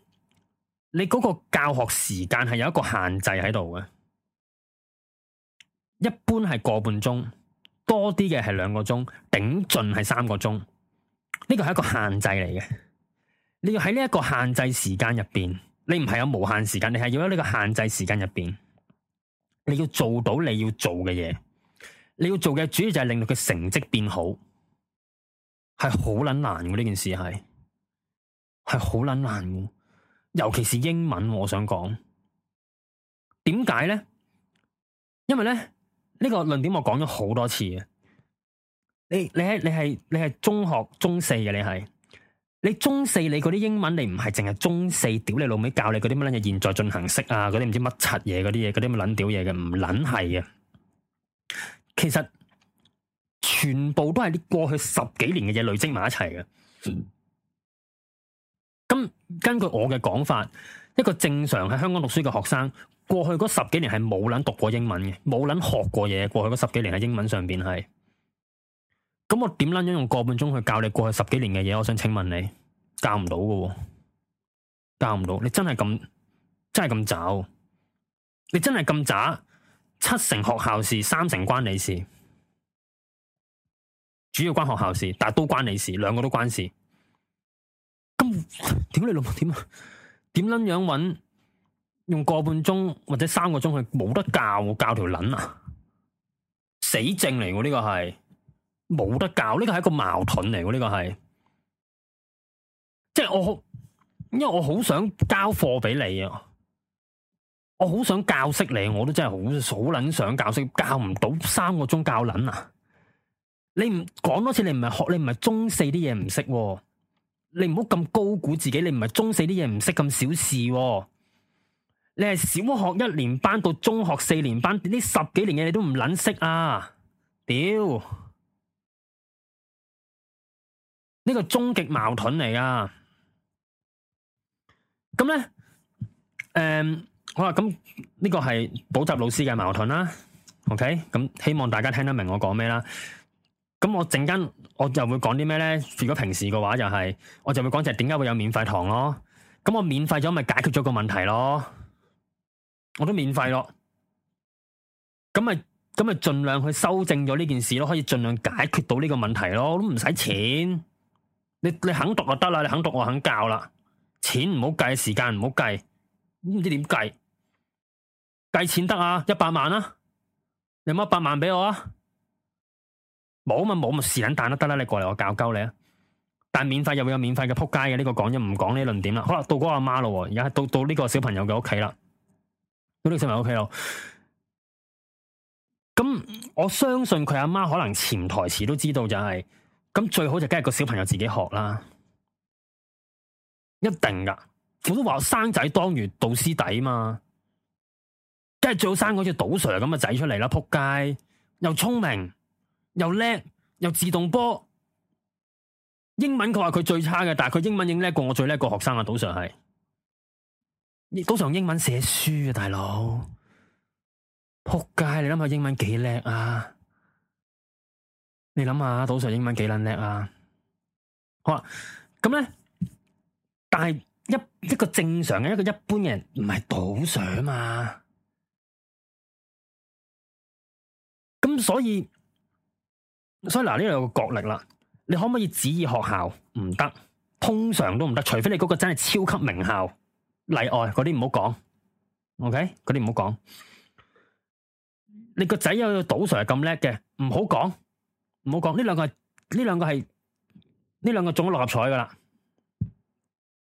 你嗰個教學時間係有一個限制喺度嘅。一般係個半鐘，多啲嘅係兩個鐘，頂盡係三個鐘。呢個係一個限制嚟嘅，你要喺呢一個限制時間入邊，你唔係有無限時間，你係要喺呢個限制時間入邊，你要做到你要做嘅嘢，你要做嘅主要就係令到佢成績變好，係好捻難嘅，呢件事係，係好捻難嘅，尤其是英文，我想講，點解咧？因為咧呢個論點我講咗好多次嘅。你你喺你係你係中學中四嘅你係，你中四你嗰啲英文你唔係淨係中四屌你老味教你嗰啲乜嘢現在進行式啊嗰啲唔知乜柒嘢嗰啲嘢嗰啲咁嘅撚屌嘢嘅唔卵係嘅，其實全部都係啲過去十幾年嘅嘢累積埋一齊嘅。咁根據我嘅講法，一個正常喺香港讀書嘅學生，過去嗰十幾年係冇卵讀過英文嘅，冇卵學過嘢。過去嗰十幾年喺英文上邊係。咁我點捻樣，樣用個半鐘去教你過去十幾年嘅嘢？我想請問你教唔到㗎，教唔到。你真係咁真係咁渣，你真係咁渣。七成學校事，三成關你事，主要關學校事，但係都關你事，兩個都關事。咁屌你老母點啊？點捻樣揾用，用個半鐘或者三個鐘去冇得教教條捻啊？死症嚟，我、這、呢個係。冇得教，呢個係一個矛盾嚟嘅。呢個係，即係我，好，因為我好想交貨俾你啊，我好想教識你，我都真係好好捻想教識，教唔到三個鐘教捻啊！你唔講多次，你唔係學，你唔係中四啲嘢唔識，你唔好咁高估自己，你唔係中四啲嘢唔識咁小事，啊，你係小學一年班到中學四年班呢十幾年嘅你都唔捻識啊！屌！呢個終極矛盾嚟噶，咁咧，誒、嗯，好啦，咁呢個係補習老師嘅矛盾啦，OK，咁希望大家聽得明我講咩啦。咁我陣間我就會講啲咩咧？如果平時嘅話，就係，就係我就會講就係點解會有免費堂咯。咁我免費咗，咪解決咗個問題咯。我都免費咯。咁咪咁咪盡量去修正咗呢件事咯，可以盡量解決到呢個問題咯，都唔使錢。你你肯讀就得啦，你肯讀我肯教啦，錢唔好計，時間唔好計，都唔知點計，計錢得啊，一百萬啦，啊，你有冇一百萬俾我啊？冇咪冇咪，是卵蛋都得啦，你過嚟我教鳩你啊！但免費又會有免費嘅撲街嘅呢個講咗唔講呢啲論點啦。好啦，到嗰個阿媽咯，而家到到呢個小朋友嘅屋企啦，呢個小朋友屋企咯。咁我相信佢阿媽，媽可能潛台詞都知道就係、是。咁最好就梗係個小朋友自己學啦，一定噶！我都話生仔當如導師弟嘛，梗係最好生嗰隻導師咁嘅仔出嚟啦！撲街又聰明又叻又，又自動波，英文佢話佢最差嘅，但係佢英文已經叻過我最叻個學生啊！導師係，導師用英文寫書想想文啊，大佬！撲街，你諗下英文幾叻啊？你諗下賭 Sir 英文幾撚叻啊？好啊，咁咧，但係一一個正常嘅，一個一般嘅人唔係賭 Sir 嘛。咁所以所以嗱呢度有個角力啦，你可唔可以指意學校唔得？通常都唔得，除非你嗰個真係超級名校例外，嗰啲唔好講。OK，嗰啲唔好講。你個仔有賭 Sir 係咁叻嘅，唔好講。唔好講呢兩個係呢兩個係呢兩個中咗六合彩噶啦，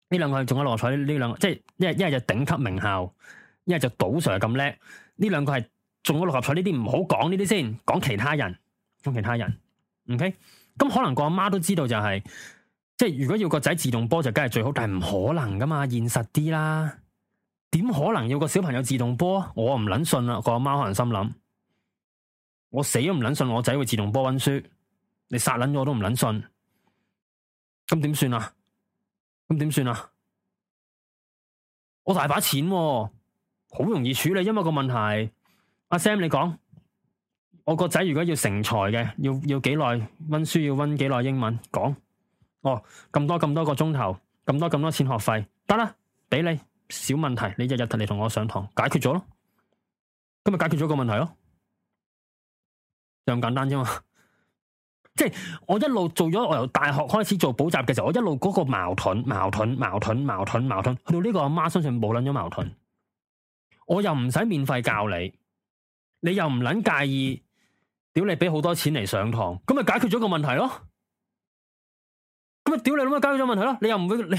呢兩個係中咗六合彩，呢兩個即係一係一係就頂級名校，一係就杜 Sir 咁叻，呢兩個係中咗六合彩。呢啲唔好講呢啲先，講其他人，講其他人，OK？咁可能個阿媽，媽都知道就係、是、即係如果要個仔自動波就梗係最好，但係唔可能噶嘛，現實啲啦，點可能要個小朋友自動波？我唔捻信啦，個阿媽，媽可能心諗。我死都唔捻信，我仔會自動波溫書。你殺捻咗我都唔捻信。咁點算啊？咁點算啊？我大把錢喎，好容易處理。因為個問題，阿 Sam，你講我個仔如果要成才嘅，要要幾耐溫書？要溫幾耐英文？講哦，咁多咁多個鐘頭，咁多咁多錢學費得啦，俾你小問題，你日日同你同我上堂解決咗咯。咁咪解決咗個問題咯。咁簡單啫嘛， (laughs) 即係我一路做咗，我由大學開始做補習嘅時候，我一路嗰個矛盾、矛盾、矛盾、矛盾、矛盾，去到呢個阿媽相信冇捻咗矛盾。我又唔使免費教你，你又唔捻介意，屌你俾好多錢嚟上堂，咁咪解決咗個問題咯。咁咪屌你咁咪解決咗問題咯，你又唔會你，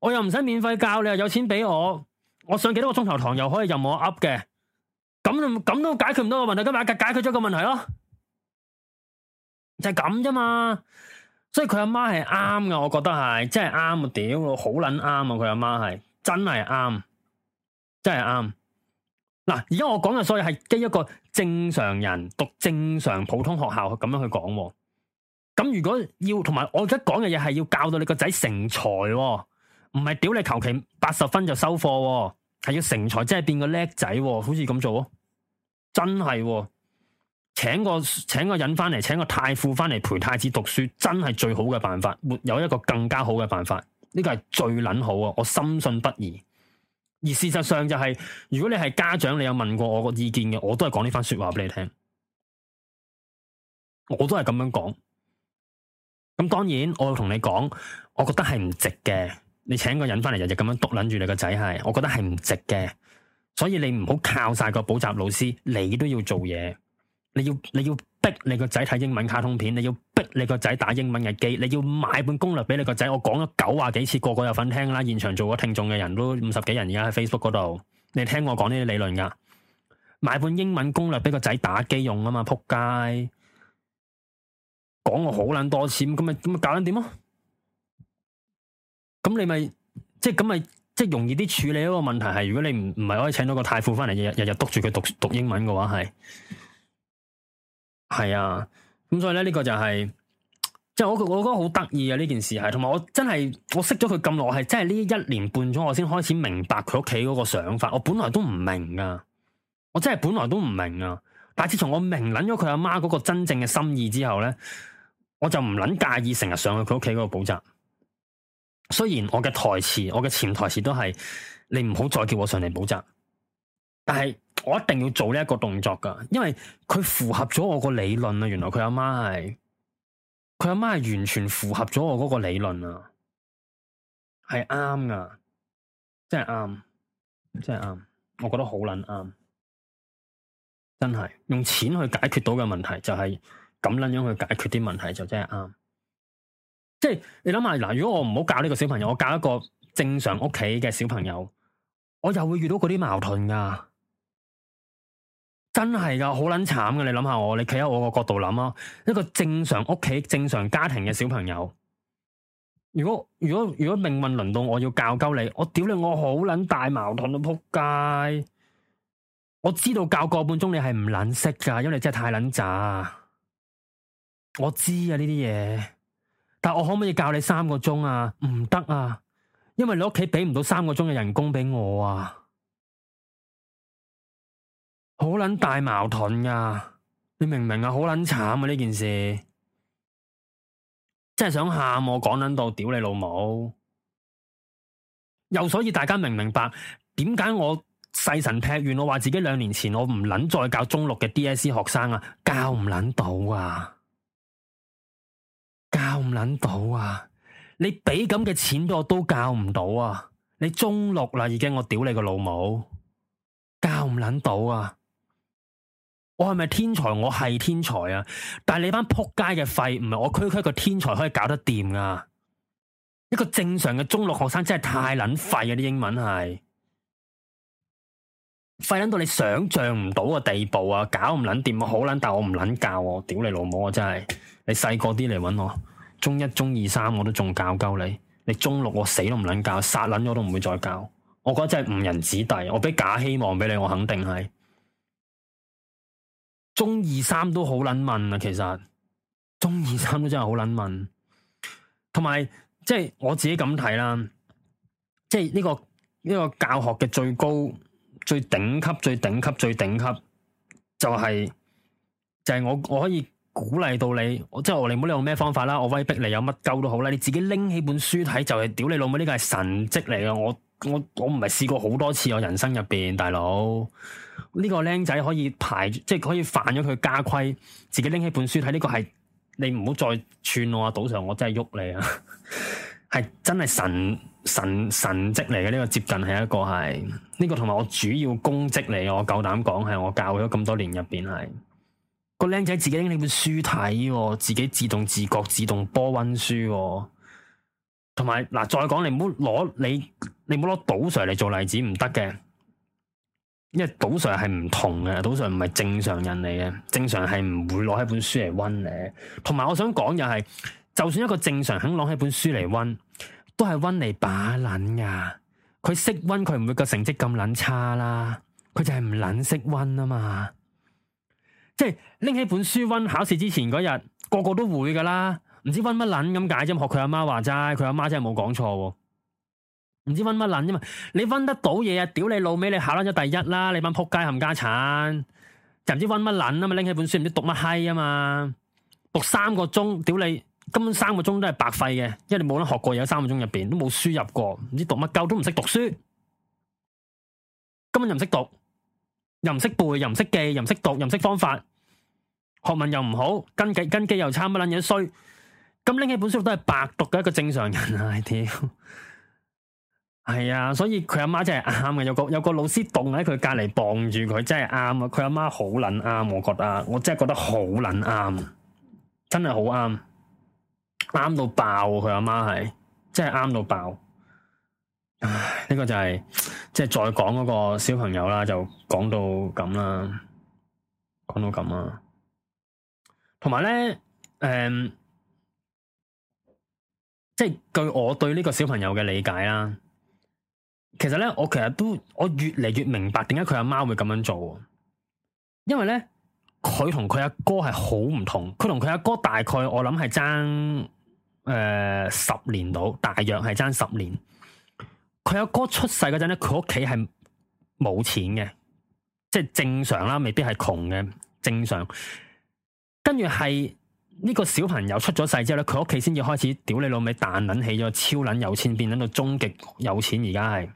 我又唔使免費教你，你又有錢俾我，我上幾多個鐘頭堂又可以任我 up 嘅。咁咁都解決唔到個問題，今日解解決咗個問題咯，就係咁啫嘛。所以佢阿媽係啱噶，我覺得係真係啱。啊，屌，好撚啱啊！佢阿媽係真係啱，真係啱。嗱，而家我講嘅所謂係基一個正常人讀正常普通學校咁樣去講。咁如果要同埋我而家講嘅嘢係要教到你個仔成才，唔係屌你求其八十分就收貨，係要成才成，真係變個叻仔，好似咁做。真係請個請個引翻嚟，請個太傅翻嚟陪太子讀書，真係最好嘅辦法，沒有一個更加好嘅辦法。呢、這個係最捻好啊！我深信不疑。而事實上就係、是，如果你係家長，你有問過我個意見嘅，我都係講呢番說話俾你聽，我都係咁樣講。咁當然，我同你講，我覺得係唔值嘅。你請個引翻嚟，日日咁樣督捻住你個仔，係我覺得係唔值嘅。所以你唔好靠晒個補習老師，你都要做嘢。你要你要逼你個仔睇英文卡通片，你要逼你個仔打英文日記，你要買本攻略俾你個仔。我講咗九啊幾次，個個有份聽啦。現場做咗聽眾嘅人都五十幾人，而家喺 Facebook 嗰度，你聽我講呢啲理論噶。買本英文攻略俾個仔打機用啊嘛，扑街。講我好捻多次，咁咪咁咪搞捻點咯？咁你咪即係咁咪？即係容易啲處理一個問題係，如果你唔唔係可以請到個太傅翻嚟日日日督住佢讀讀英文嘅話，係係啊。咁所以咧，呢、這個就係、是、即係我我覺得好得意啊呢件事係，同埋我真係我識咗佢咁耐，係真係呢一年半鐘，我先開始明白佢屋企嗰個想法。我本來都唔明噶，我真係本來都唔明啊。但係自從我明諗咗佢阿媽嗰個真正嘅心意之後咧，我就唔撚介意成日上去佢屋企嗰個補習。雖然我嘅台詞、我嘅潛台詞都係你唔好再叫我上嚟補習，但係我一定要做呢一個動作噶，因為佢符合咗我個理論啊！原來佢阿媽係佢阿媽係完全符合咗我嗰個理論啊，係啱噶，真係啱，真係啱，我覺得好撚啱，真係用錢去解決到嘅問題，就係咁撚樣去解決啲問題，就真係啱。即係你諗下嗱，如果我唔好教呢個小朋友，我教一個正常屋企嘅小朋友，我又會遇到嗰啲矛盾噶，真係噶，好捻慘噶！你諗下我，你企喺我個角度諗啊，一個正常屋企、正常家庭嘅小朋友，如果如果如果命運輪到我要教鳩你，我屌你，我好捻大矛盾啊！撲街，我知道教個半鐘你係唔捻識噶，因為你真係太捻渣，我知啊呢啲嘢。但我可唔可以教你三個鐘啊？唔得啊，因為你屋企畀唔到三個鐘嘅人工畀我啊，好捻大矛盾㗎啊。你明唔明啊？好捻慘啊！呢件事真係想喊，我講捻到屌你老母。又所以大家明唔明白點解我細神踢完我話自己兩年前我唔捻再教中六嘅 DSC 學生啊，教唔捻到啊？教唔捻到啊！你俾咁嘅錢我都教唔到啊！你中六啦已經，我屌你個老母，教唔捻到啊！我係咪天才？我係天才啊！但係你班扑街嘅廢，唔係我區區個天才可以搞得掂啊！一個正常嘅中六學生真係太捻廢啊！啲英文係廢捻到你想象唔到嘅地步啊！搞唔捻掂啊！好捻，但我唔捻教我，屌你老母啊！真係你細個啲嚟搵我。中一、中二、三我都仲教夠你，你中六我死都唔捻教，殺捻我都唔會再教。我覺得真係誤人子弟，我俾假希望俾你，我肯定係中二三都好捻問啊！其實中二三都真係好捻問，同埋即係我自己咁睇啦，即係呢個呢個教學嘅最高、最頂級、最頂級、最頂級，就係、就係我我可以鼓勵到你，我即係我，你唔好用咩方法啦，我威逼你有乜鳩都好啦，你自己拎起本書睇就係、是、屌你老母，呢個係神蹟嚟嘅。我我我唔係試過好多次我人生入邊，大佬呢、這個僆仔可以排即係可以犯咗佢家規，自己拎起本書睇呢、這個係你唔好再串我啊，賭上我真係喐你啊，係 (laughs) 真係神神神蹟嚟嘅，呢個接近係一個係呢、這個同埋我主要功績嚟，我夠膽講係我教咗咁多年入邊係。個僆仔自己拎你本書睇，哦，自己自動自覺，自動波溫書，哦，同埋嗱再講，你唔好攞你你唔好攞賭 Sir 嚟做例子，唔得嘅，因為賭 Sir 係唔同嘅，賭 Sir 唔係正常人嚟嘅，正常係唔會攞喺本書嚟溫你。同埋我想講又係，就算一個正常肯攞喺本書嚟溫，都係溫嚟把捻噶，佢識溫佢唔會個成績咁捻差啦，佢就係唔捻識溫啊嘛。即係拎起本書溫，考試之前嗰日個個都會噶啦，唔知溫乜捻咁解啫，學佢阿媽話齋，佢阿媽真係冇講錯，唔知溫乜捻啫嘛，你溫得到嘢啊？屌你老味，你考得咗第一啦！你班撲街冚家鏟，就唔知溫乜捻啊嘛，拎起本書唔知讀乜閪啊嘛，讀三個鐘，屌你，根本三個鐘都係白費嘅，因為你冇得學過嘢，三個鐘入邊都冇輸入過，唔知讀乜鳩，都唔識讀書，根本就唔識讀。又唔識背，又唔識記，又唔識讀，又唔識方法，學問又唔好，根基根基又差乜卵嘢衰，咁拎起本書都係白讀嘅一個正常人啊！係 (laughs) 啊，所以佢阿媽真係啱嘅，有個有個老師動喺佢隔籬傍住佢，真係啱啊！佢阿媽好卵啱，我覺得，我真係覺得好卵啱，真係好啱，啱到爆！佢阿媽係真係啱到爆。唉，呢個就係即係再講嗰個小朋友啦，就講到咁啦，講到咁啦。同埋咧，誒，即係據我對呢個小朋友嘅理解啦，其實咧，我其實都我越嚟越明白點解佢阿媽會咁樣做，因為咧，佢同佢阿哥係好唔同，佢同佢阿哥大概我諗係爭誒十年度，大約係爭十年。佢阿哥出世嗰陣咧，佢屋企係冇錢嘅，即係正常啦，未必係窮嘅，正常。跟住係呢個小朋友出咗世之後咧，佢屋企先至開始屌你老味，彈捻起咗，超捻有錢，變捻到終極有錢。而家係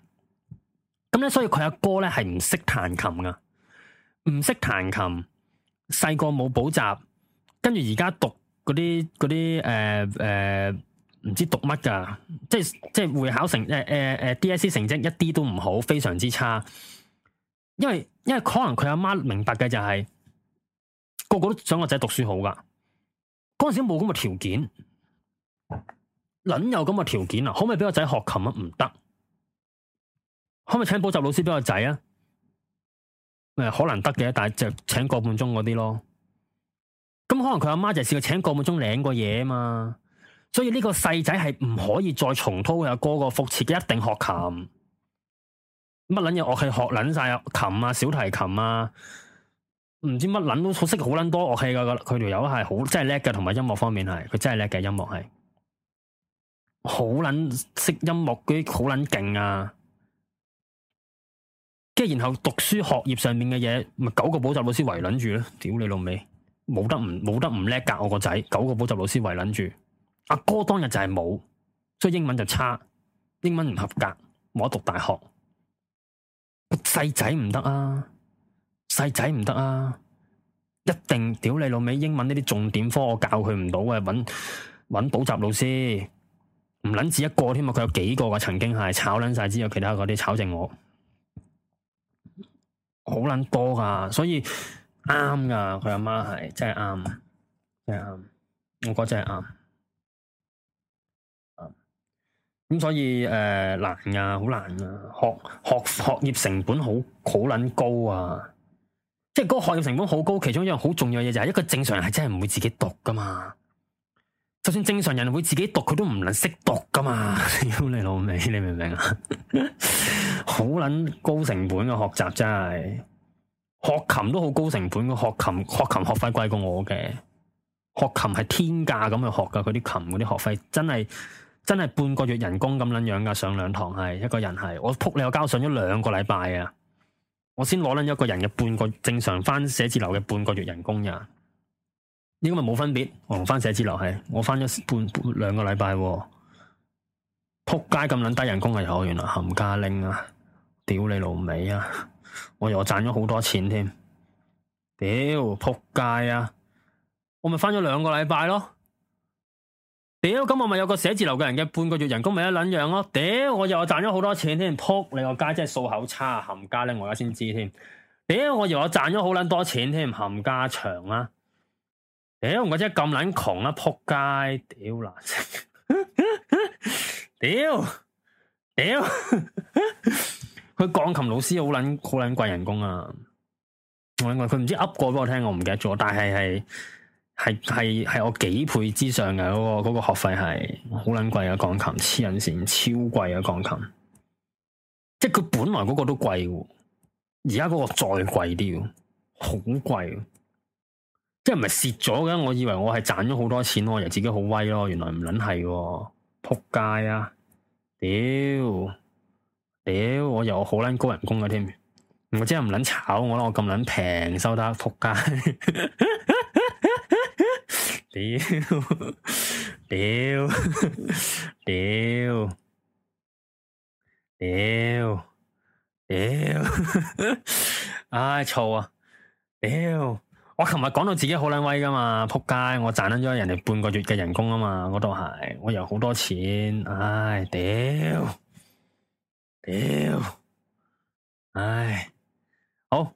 咁咧，所以佢阿哥咧係唔識彈琴噶，唔識彈琴，細個冇補習，跟住而家讀嗰啲嗰啲誒誒。唔知讀乜噶，即係即係會考成誒誒誒 DSE 成績一啲都唔好，非常之差。因為因為可能佢阿媽明白嘅就係、是、個個都想個仔讀書好噶，嗰陣時冇咁嘅條件，捻有咁嘅條件啊？可唔可以俾個仔學琴啊？唔得。可唔可以請補習老師俾個仔啊？誒、呃，可能得嘅，但係就請個半鐘嗰啲咯。咁可能佢阿媽就試過請過半個半鐘領過嘢啊嘛。所以呢個細仔係唔可以再重蹈嘅哥哥覆轍嘅，一定學琴乜撚嘢樂器學捻晒啊，琴啊，小提琴啊，唔知乜捻都好識，好捻多樂器噶。佢條友係好真係叻嘅，同埋音樂方面係佢真係叻嘅，音樂係好捻識音樂，嗰啲好捻勁啊。跟住然後讀書學業上面嘅嘢，咪九個補習老師圍捻住咯。屌你老味，冇得唔冇得唔叻，㗎我個仔九個補習老師圍捻住。阿哥當日就係冇，所以英文就差，英文唔合格，冇得讀大學。細仔唔得啊，細仔唔得啊，啊，一定屌你老味。英文呢啲重點科我教佢唔到啊，揾揾補習老師，唔撚止一個添啊，佢有幾個噶，曾經係炒撚晒之後，其他嗰啲炒正我，好撚多噶，所以啱噶，佢阿媽係真係啱，真係啱，我覺得真係啱。咁所以誒、呃、難啊，好難啊，學學學業成本好好撚高啊！即係嗰個學業成本好高，其中一樣好重要嘅嘢，就係一個正常人係真係唔會自己讀噶嘛。就算正常人會自己讀，佢都唔能識讀噶嘛。屌 (laughs) 你老味，你明唔明啊？好 (laughs) 撚高成本嘅學習真係學琴都好高成本嘅，學琴學琴學費貴過我嘅，學琴係天價咁去學噶，嗰啲琴嗰啲學費真係。真係半個月人工咁撚樣噶，上兩堂係一個人係，我撲你我交上咗兩個禮拜啊，我先攞撚一個人嘅半個正常翻寫字樓嘅半個月人工呀、啊，應該咪冇分別，我唔翻寫字樓係，我翻咗半半兩個禮拜、啊，撲街咁撚低人工啊，又原來冚家拎啊，屌你老味啊，我又賺咗好多錢添、啊，屌撲街啊，我咪翻咗兩個禮拜咯。屌，咁我咪有個寫字樓嘅人嘅半個月人工咪一捻樣咯？屌，我以為我賺咗好多錢添，撲你個街真係數口差，啊，冚家靚，我而家先知添。屌，我以為我賺咗好捻多錢添，冚家長啦，啊。屌，啊，我真係咁捻窮啦，撲街。屌，難屌，屌，佢鋼琴老師好捻好捻貴人工啊。我諗佢唔知噏過俾我聽，我唔記得咗，但係係。係係係我幾倍之上嘅，嗰個嗰個學費係好撚貴啊！鋼琴黐撚線超貴啊！鋼琴即係佢本來嗰個都貴，而家嗰個再貴啲，好貴。即係唔係蝕咗嘅？我以為我係賺咗好多錢咯，又自己好威咯。原來唔撚係，扑街啊！屌、哎、屌、哎，我又好撚高人工嘅添。我真係唔撚炒我咯，我咁撚平收得扑街。 (laughs) 屌，屌，屌，屌，屌！唉，燥啊！屌，我琴日講到自己好捻威噶嘛，撲街！我賺咗人哋半個月嘅人工啊嘛，我都係，我有好多錢，唉，屌，屌，唉，好，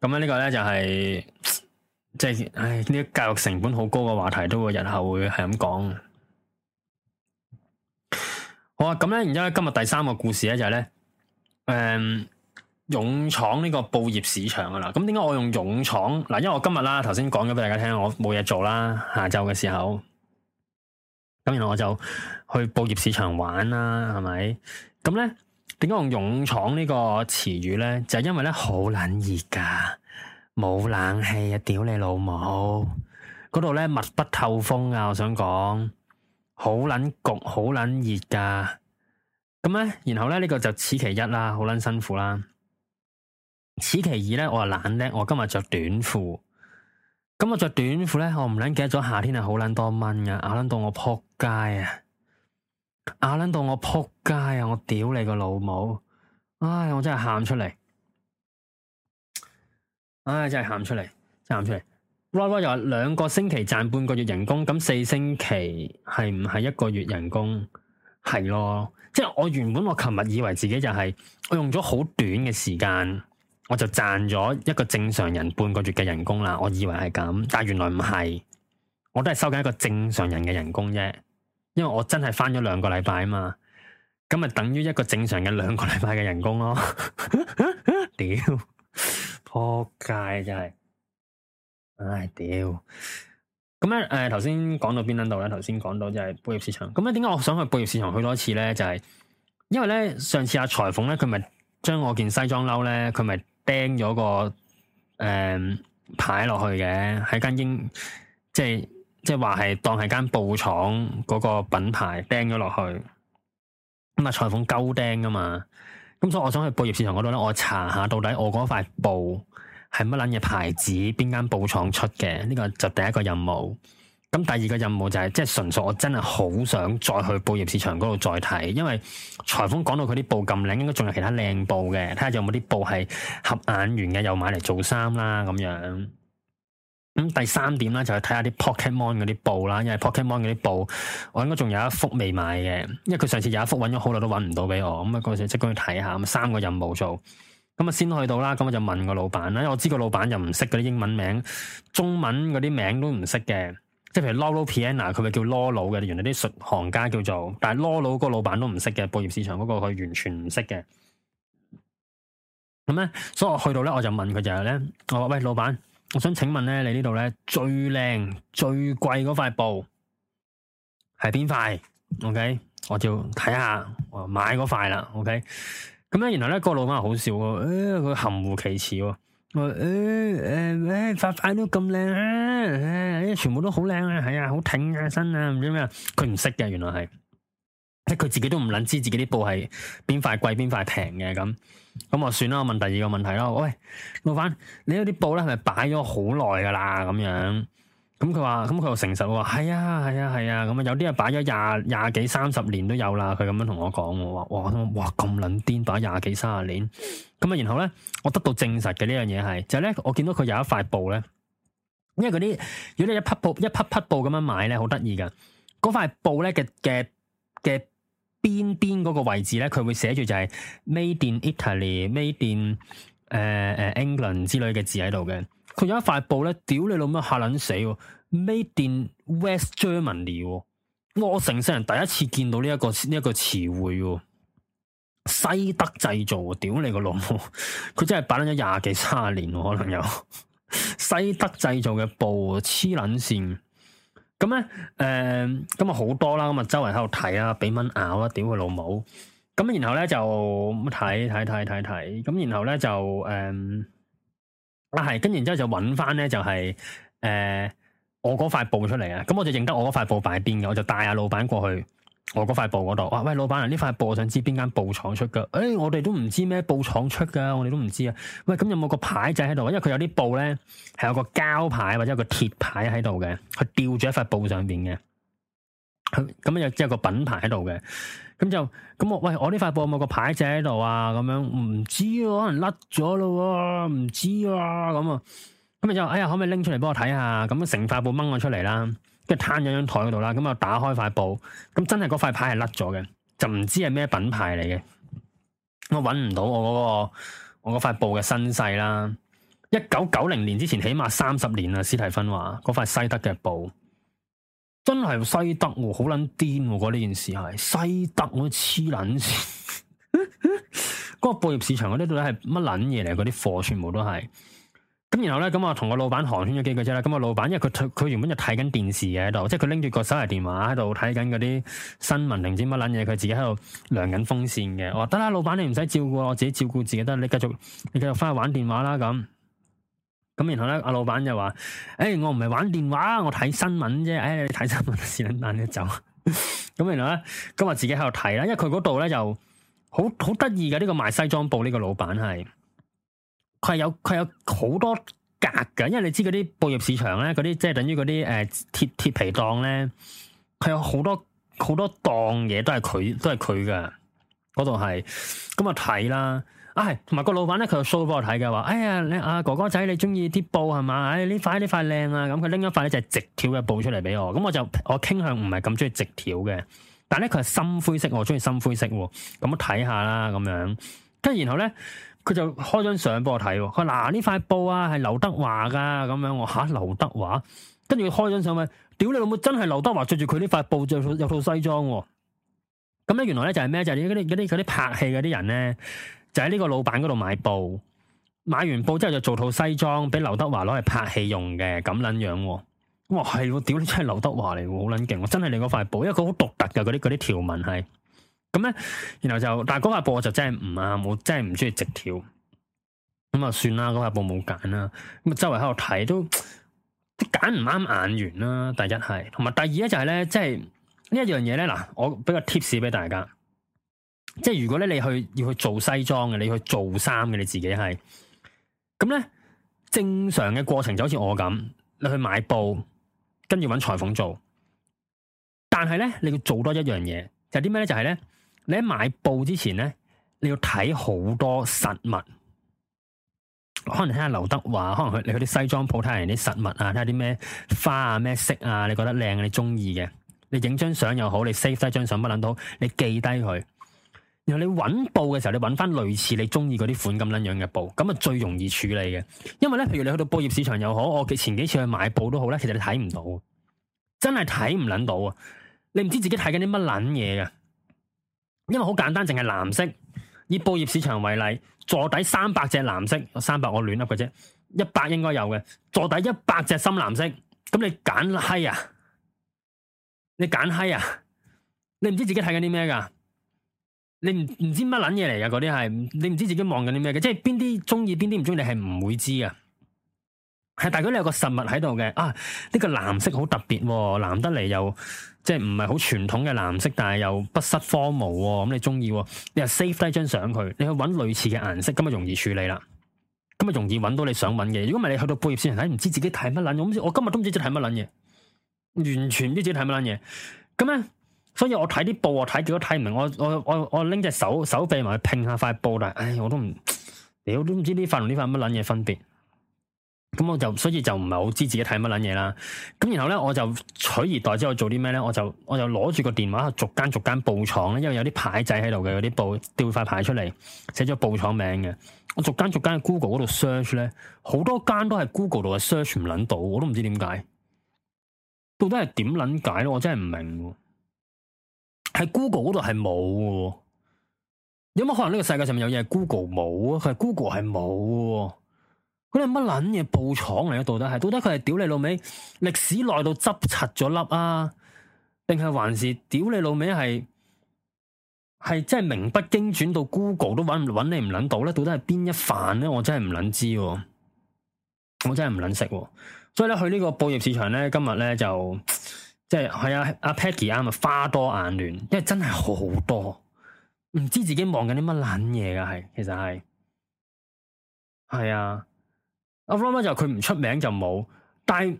咁樣呢個咧就係、是。即係，唉，呢啲教育成本好高嘅話題，都會日後會係咁講。好啊，咁咧，然之後今日第三個故事咧就係、是、咧，誒、嗯，勇闖呢個布業市場噶啦。咁點解我用勇闖？嗱，因為我今日啦，頭先講咗俾大家聽，我冇嘢做啦，下晝嘅時候，咁然後我就去布業市場玩啦，係咪？咁咧，點解用勇闖呢個詞語咧？就係、是、因為咧好捻熱噶。冇冷氣啊！屌你老母！嗰度咧密不透風啊！我想講，好捻焗，好捻熱噶。咁咧，然後咧呢、這個就此其一啦，好捻辛苦啦。此其二咧，我又懶叻，我今日着短褲。咁我着短褲咧，我唔捻記得咗夏天係好捻多蚊噶，咬捻到我扑街啊！咬捻到我扑街啊！我屌你個老母！唉，我真係喊出嚟。唉，真係喊出嚟，真係喊出嚟！Roy Roy，又話兩個星期賺半個月人工，咁四星期係唔係一個月人工？係咯，即係我原本我琴日以為自己就係我用咗好短嘅時間，我就賺咗一個正常人半個月嘅人工啦。我以為係咁，但係原來唔係，我都係收緊一個正常人嘅人工啫。因為我真係返咗兩個禮拜啊嘛，咁咪等於一個正常嘅兩個禮拜嘅人工咯。屌！ (laughs) (laughs) 撲街真係，唉、哎、屌！咁咧，誒頭先講到邊捻度咧？頭先講到就係布業市場。咁咧，點解我想去布業市場去多一次咧？就係、是、因為咧，上次阿裁縫咧，佢咪將我件西裝褸咧，佢咪釘咗個誒、呃、牌落去嘅，喺間英，即係即係話係當係間布廠嗰個品牌釘咗落去。咁啊，裁縫勾釘噶嘛。咁所以我想去布業市場嗰度咧，我查下到底我嗰塊布係乜撚嘢牌子，邊間布廠出嘅？呢個就第一個任務。咁第二個任務就係，即係純粹我真係好想再去布業市場嗰度再睇，因為裁縫講到佢啲布咁靚，應該仲有其他靚布嘅。睇下有冇啲布係合眼緣嘅，又買嚟做衫啦咁樣。咁第三點咧就係睇下啲 Pokémon 嗰啲布啦，因為 Pokémon 嗰啲布，我應該仲有一幅未買嘅，因為佢上次有一幅揾咗好耐都揾唔到俾我。咁啊，嗰時即刻去睇下，咁三個任務做。咁啊，先去到啦，咁我就問個老闆啦，因為我知個老闆又唔識嗰啲英文名，中文嗰啲名都唔識嘅。即係譬如 Lolo Piana，佢咪叫 Lolo 嘅，原來啲術行家叫做，但係 Lolo 個老闆都唔識嘅，布業市場嗰個佢完全唔識嘅。咁咧，所以我去到咧我就問佢就係咧，我話喂，老闆。我想請問咧，你呢度咧最靚最貴嗰塊布係邊塊？OK，我就睇下我買嗰塊啦。OK，咁咧，原來咧個老闆好笑喎，誒、哎，佢含糊其辭喎，我誒誒誒，塊、哎、塊、哎、都咁靚啊，誒、哎，全部都好靚啊，係啊，好挺啊，身啊，唔知咩，佢唔識嘅，原來係，即係佢自己都唔諗知自己啲布係邊塊貴邊塊平嘅咁。咁啊，算啦，我問第二個問題啦。喂，老闆，你嗰啲布咧係咪擺咗好耐噶啦？咁樣，咁佢話，咁佢又誠實喎。係啊，係啊，係啊，咁啊，有啲啊擺咗廿廿幾三十年都有啦。佢咁樣同我講，我話，哇，哇，咁卵癲，擺廿幾三十年。咁啊，然後咧，我得到證實嘅呢樣嘢係，就係咧，我見到佢有一塊布咧，因為嗰啲，如果你一匹布一匹匹布咁樣買咧，好得意噶。嗰塊布咧嘅嘅嘅。邊邊嗰個位置咧，佢會寫住就係 Made in Italy、Made in 誒、uh, 誒 England 之類嘅字喺度嘅。佢有一塊布咧，屌你老母吓撚死，Made in West Germany。我我成世人第一次見到呢、這、一個呢一、這個詞彙，西德製造。屌你個老母，佢真係擺咗廿幾卅年，可能有西德製造嘅布黐撚線。咁咧，誒、嗯，咁啊好多啦，咁、嗯、啊、嗯嗯嗯嗯嗯，周圍喺度睇啦，俾蚊，蚊咬啊，屌佢老母！咁然後咧就睇睇睇睇睇，咁、嗯啊、然後咧就誒、就是，啊係，跟然之後就揾翻咧就係誒，我嗰塊布出嚟啊，咁我就認得我嗰塊布擺喺邊嘅，我就帶阿老闆過去。我嗰塊布嗰度，哇！喂，老闆啊，呢塊布我想知邊間布廠出噶？誒、欸，我哋都唔知咩布廠出噶，我哋都唔知啊。喂，咁有冇個牌仔喺度啊？因為佢有啲布咧，係有個膠牌或者有個鐵牌喺度嘅，佢吊住一塊布上邊嘅。佢、嗯、咁樣有即係個品牌喺度嘅。咁就咁我喂，我呢塊布有冇個牌仔喺度啊？咁樣唔知，可能甩咗咯，唔知啊咁啊。咁就、嗯、哎呀，可唔可以拎出嚟幫我睇下？咁成塊布掹我出嚟啦。即係攤咗張台嗰度啦，咁啊打開塊布，咁真係嗰塊牌係甩咗嘅，就唔知係咩品牌嚟嘅，我搵唔到我嗰、嗰個我嗰塊布嘅身世啦。一九九零年之前起碼三十年啦，史蒂芬話嗰塊西德嘅布真係西德、哦，好捻癲嗰呢件事係西德，我黐捻嗰 (laughs) (laughs) 個布業市場嗰啲到底係乜捻嘢嚟？嗰啲貨全部都係。咁然後咧，咁我同個老闆寒暄咗幾句啫啦。咁個老闆因為佢佢原本就睇緊電視嘅喺度，即係佢拎住個手提電話喺度睇緊嗰啲新聞，定唔知乜捻嘢？佢自己喺度量緊風扇嘅。我話得啦，老闆你唔使照顧，我自己照顧自己得。你繼續你繼續翻去玩電話啦。咁咁然後咧，阿老闆就話：誒、哎，我唔係玩電話，我睇新聞啫。誒、哎，你睇新聞先啦，你走。咁然後咧，咁我自己喺度睇啦。因為佢嗰度咧就好好得意嘅，呢個賣西裝布呢個老闆係。這個佢係有佢有好多格嘅，因為你知嗰啲布業市場咧，嗰啲即係等於嗰啲誒鐵鐵皮檔咧，佢有好多好多檔嘢都係佢都係佢嘅，嗰度係咁我睇啦，啊同埋個老闆咧，佢又 show 俾我睇嘅話，哎呀你阿、啊、哥哥仔你中意啲布係嘛？哎呢塊呢塊靚啊，咁佢拎一塊咧就係直條嘅布出嚟俾我，咁我就我傾向唔係咁中意直條嘅，但係咧佢係深灰色，我中意深灰色，咁我睇下啦咁樣，跟住然後咧。佢就開張相俾我睇，哦，佢嗱，呢塊布啊，係劉德華噶咁樣喎。吓，劉德華，跟住佢開張相問，屌你老母真係劉德華着住佢呢塊布着套有套西裝喎，哦，咁，嗯，咧原來咧就係咩，就係啲嗰啲啲拍戲嗰啲人咧就喺呢個老闆嗰度買布，買完布之後就做套西裝俾劉德華攞嚟拍戲用嘅咁卵樣，哦，哇，係喎，屌你真係劉德華嚟喎，好卵勁，真係你嗰塊布因為佢好獨特嘅嗰啲嗰啲條紋係。咁咧，然後就，但係嗰塊布我就真係唔啱，我真係唔中意直條，咁啊算啦，嗰塊布冇揀啦。咁啊周圍喺度睇都都揀唔啱眼緣啦。第一係，同埋第二咧就係、是、咧，即係呢一樣嘢咧嗱，我俾個 tips 俾大家，即係如果咧你去要去做西裝嘅，你去做衫嘅你自己係，咁咧正常嘅過程就好似我咁，你去買布，跟住揾裁縫做，但係咧你要做多一樣嘢，就係啲咩咧？就係、是、咧。你喺買布之前咧，你要睇好多實物。可能睇下劉德華，可能去你去啲西裝鋪睇下人啲實物啊，睇下啲咩花啊，咩色啊，你覺得靚你中意嘅，你影張相又好，你 save 低張相，乜卵到，你記低佢。然後你揾布嘅時候，你揾翻類似你中意嗰啲款咁卵樣嘅布，咁啊最容易處理嘅。因為咧，譬如你去到布業市場又好，我哋前幾次去買布都好咧，其實你睇唔到，真係睇唔捻到啊！你唔知自己睇緊啲乜卵嘢嘅。因為好簡單，淨係藍色。以布業市場為例，座底三百隻藍色，三百我亂笠嘅啫，一百應該有嘅。座底一百隻深藍色，咁你揀閪啊？你揀閪啊？你唔知自己睇緊啲咩噶？你唔唔知乜撚嘢嚟噶？嗰啲係你唔知自己望緊啲咩嘅？即係邊啲中意，邊啲唔中意，你係唔會知噶。係，但係佢咧有個實物喺度嘅啊！呢、這個藍色好特別、哦，藍得嚟又即係唔係好傳統嘅藍色，但係又不失荒蕪、哦。咁你中意、哦，你又 save 低張相佢，你去揾類似嘅顏色，咁咪容易處理啦。咁咪容易揾到你想揾嘅。如果唔係你去到布業線上睇，唔知自己睇乜撚嘢，我今日都唔知自己睇乜撚嘢，完全唔知自己睇乜撚嘢。咁咧，所以我睇啲布，我睇住都睇唔明，我我我我拎隻手手臂埋去拼下塊布，但係唉，我都唔，屌都唔知呢塊同呢塊乜撚嘢分別。咁我就所以就唔係好知自己睇乜捻嘢啦。咁然後咧，我就取而代之我做啲咩咧？我就我就攞住個電話，逐間逐間布廠咧，因為有啲牌仔喺度嘅有啲布，掉塊牌出嚟，寫咗個布廠名嘅。我逐間逐間喺 Google 嗰度 search 咧，好多間都係 Google 度嘅 search 唔捻到，我都唔知點解，到底係點捻解咯？我真係唔明。喺 Google 嗰度係冇，有冇可能呢個世界上面有嘢係 Google 冇啊？係 Google 係冇。佢哋乜撚嘢布廠嚟？到底係？到底佢係屌你老味？歷史內度執柒咗粒啊？定係還是屌你老味？係係真係名不經傳到 Google 都揾揾你唔撚到咧？到底係邊一瓣咧？我真係唔撚知，我真係唔撚識。所以咧，佢呢個布業市場咧，今日咧就即係係啊阿 Peggy 啱啊，嗯，花多眼亂，因為真係好多，唔知自己望緊啲乜撚嘢噶係，其實係係啊。阿羅馬就佢唔出名就冇，但係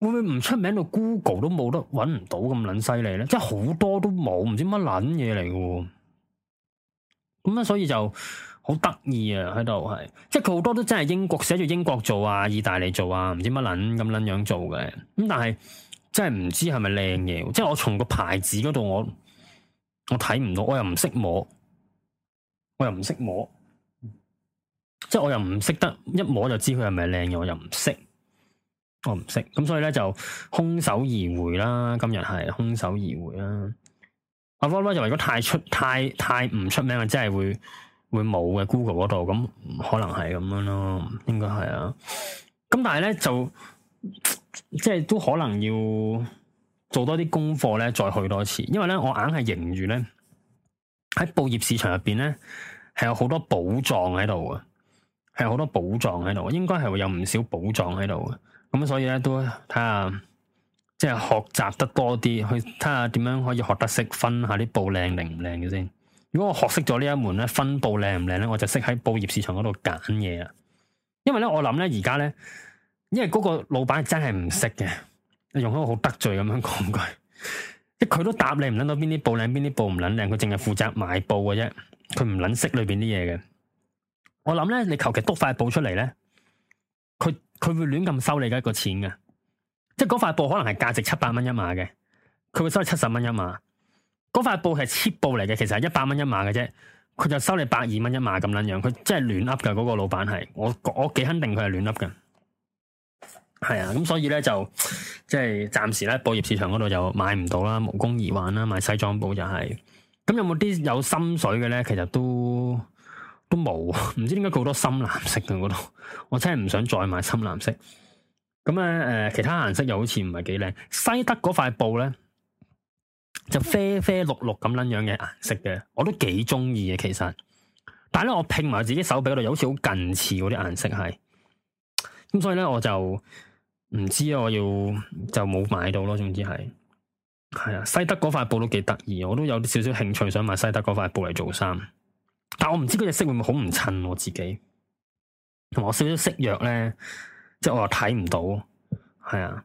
會唔會唔出名到 Google 都冇得搵唔到咁撚犀利咧？即係好多都冇，唔知乜撚嘢嚟嘅。咁咧，所以就好得意啊！喺度係，即係佢好多都真係英國寫住英國做啊，意大利做啊，唔知乜撚咁撚樣做嘅。咁但係真係唔知係咪靚嘢？即係我從個牌子嗰度我我睇唔到，我又唔識摸，我又唔識摸。即係我又唔識得一摸就知佢係咪靚嘅，我又唔識，我唔識咁，所以咧就空手而回啦。今日係空手而回啦。阿波波就如果太出太太唔出名啊，真係會會冇嘅 Google 嗰度，咁可能係咁樣咯，應該係啊。咁但係咧就即係都可能要做多啲功課咧，再去多次，因為咧我硬係認住咧喺布業市場入邊咧係有好多寶藏喺度啊。係好多寶藏喺度，應該係會有唔少寶藏喺度嘅，咁所以咧都睇下，即係學習得多啲，去睇下點樣可以學得識分下啲布靚定唔靚嘅先。如果我學識咗呢一門咧，分布靚唔靚咧，我就識喺布業市場嗰度揀嘢啦。因為咧，我諗咧而家咧，因為嗰個老闆真係唔識嘅，用一個好得罪咁樣講句， (laughs) 即佢都答你唔捻到邊啲布靚，邊啲布唔捻靚，佢淨係負責買布嘅啫，佢唔捻識裏邊啲嘢嘅。我諗咧，你求其督塊布出嚟咧，佢佢會亂咁收你嘅一個錢嘅，即係嗰塊布可能係價值七百蚊一碼嘅，佢會收你七十蚊一碼。嗰塊布係切布嚟嘅，其實係一百蚊一碼嘅啫，佢就收你百二蚊一碼咁捻樣，佢真係亂笠噶，嗰個老闆係，我我幾肯定佢係亂笠嘅。係啊，咁所以咧就即係暫時咧，布業市場嗰度就買唔到啦，無功而返啦。買西裝布就係、是，咁有冇啲有，有心水嘅咧？其實都。都冇，唔知點解佢好多深藍色嘅度，我真係唔想再買深藍色。咁啊，誒、呃，其他顏色又好似唔係幾靚。西德嗰塊布咧，就啡啡綠綠咁樣樣嘅顏色嘅，我都幾中意嘅其實。但係咧，我拼埋自己手臂嗰度又好似好近似嗰啲顏色係。咁所以咧，我就唔知我要就冇買到咯。總之係係啊，西德嗰塊布都幾得意，我都有少少興趣想買西德嗰塊布嚟做衫。但我唔知嗰隻色會唔會好唔襯我自己，同埋我少少色弱咧，即係我又睇唔到，係啊，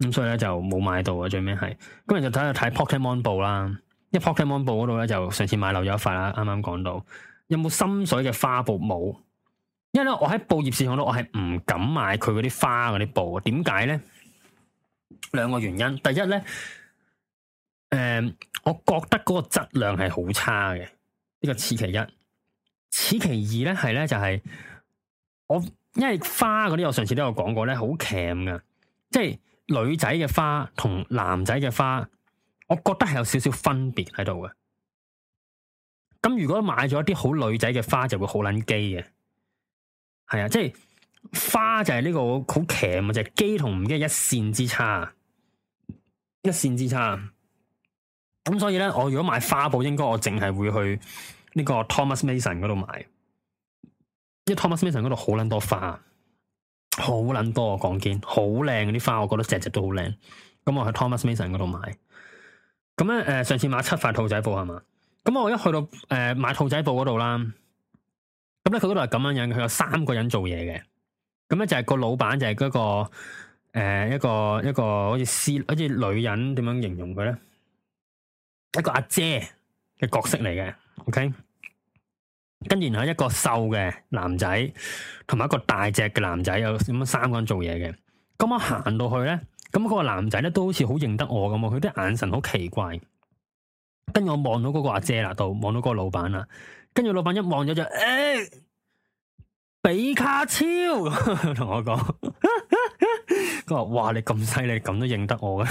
咁所以咧就冇買到啊，最尾係，咁然就睇下睇 Pokemon 布啦，因為 Pokemon 布嗰度咧就上次買漏咗一塊啦，啱啱講到，有冇深水嘅花布冇，因為咧我喺布業市場度我係唔敢買佢嗰啲花嗰啲布嘅，點解咧？兩個原因，第一咧，誒、呃，我覺得嗰個質量係好差嘅，呢個似其一。此其二咧，係咧就係、是、我，因為花嗰啲我上次都有講過咧，好鉗嘅，即係女仔嘅花同男仔嘅花，我覺得係有少少分別喺度嘅。咁如果買咗啲好女仔嘅花，就會好撚機嘅。係啊，即係花就係呢、這個好鉗嘅，就係機同唔機一綫之差，一綫之差。咁所以咧，我如果買花布，應該我淨係會去，呢個 Thomas Mason 嗰度買，因為 Thomas Mason 嗰度好撚多花，好撚多講堅，好靚嗰啲花，我覺得隻隻都好靚。咁我去 Thomas Mason 嗰度買。咁咧誒，上次買七塊兔仔布係嘛？咁我一去到誒、呃、買兔仔布嗰度啦，咁咧佢度係咁樣樣，佢有三個人做嘢嘅。咁咧就係個老闆就係嗰、嗰個、呃、一個一個,一個好似似好似女人點樣形容佢咧？一個阿姐嘅角色嚟嘅，OK。跟住然後一個瘦嘅男仔，同埋一個大隻嘅男仔，有咁樣三個人做嘢嘅。咁我行到去咧，咁、那、嗰個男仔咧都好似好認得我咁，佢啲眼神好奇怪。跟住我望到嗰個阿姐啦，度望到嗰個老闆啦。跟住老闆一望咗就誒、欸，比卡超同 (laughs) 我講說，佢 (laughs) 話：，哇，你咁犀利，咁都認得我嘅。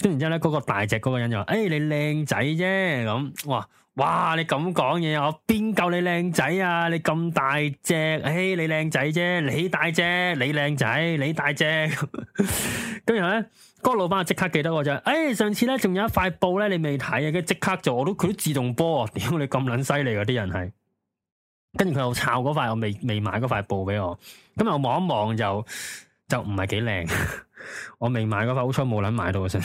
跟住之後咧，嗰、那個大隻嗰個人就話：，誒、欸，你靚仔啫，咁，哇！哇！你咁講嘢，我邊夠你靚仔啊？你咁大隻，誒、哎，你靚仔啫，你大隻，你靚仔，你大隻。今日咧，嗰、 (laughs) 嗰個老闆即刻記得我啫。誒、哎，上次咧仲有一塊布咧，你未睇啊？跟住即刻做，我都佢都自動波啊！屌你咁撚犀利嗰啲人係。跟住佢又抄嗰塊我未未買嗰塊布俾我。今日我望一望就就唔係幾靚。 (laughs) 我未買嗰塊好彩冇捻買到先。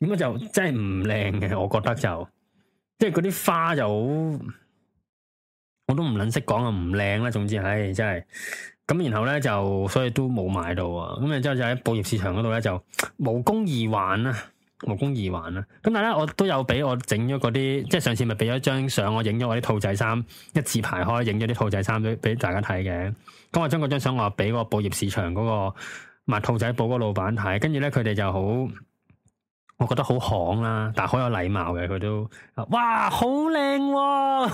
點解 (laughs) 就真係唔靚嘅？我覺得就。即係嗰啲花就好，我都唔捻識講啊，唔靚啦。總之，唉，真係咁，然後咧就所以都冇買到啊。咁然之後就喺布業市場嗰度咧就無功而還啊，無功而還啊。咁但係咧，我都有俾我整咗嗰啲，即係上次咪俾咗張相，我影咗我啲兔仔衫一字排開，影咗啲兔仔衫俾俾大家睇嘅。咁我將嗰張相我俾嗰個布業市場嗰個賣兔仔布嗰個老闆睇，跟住咧佢哋就好。我覺得好兇啦，但係好有禮貌嘅佢都，哇好靚！啊、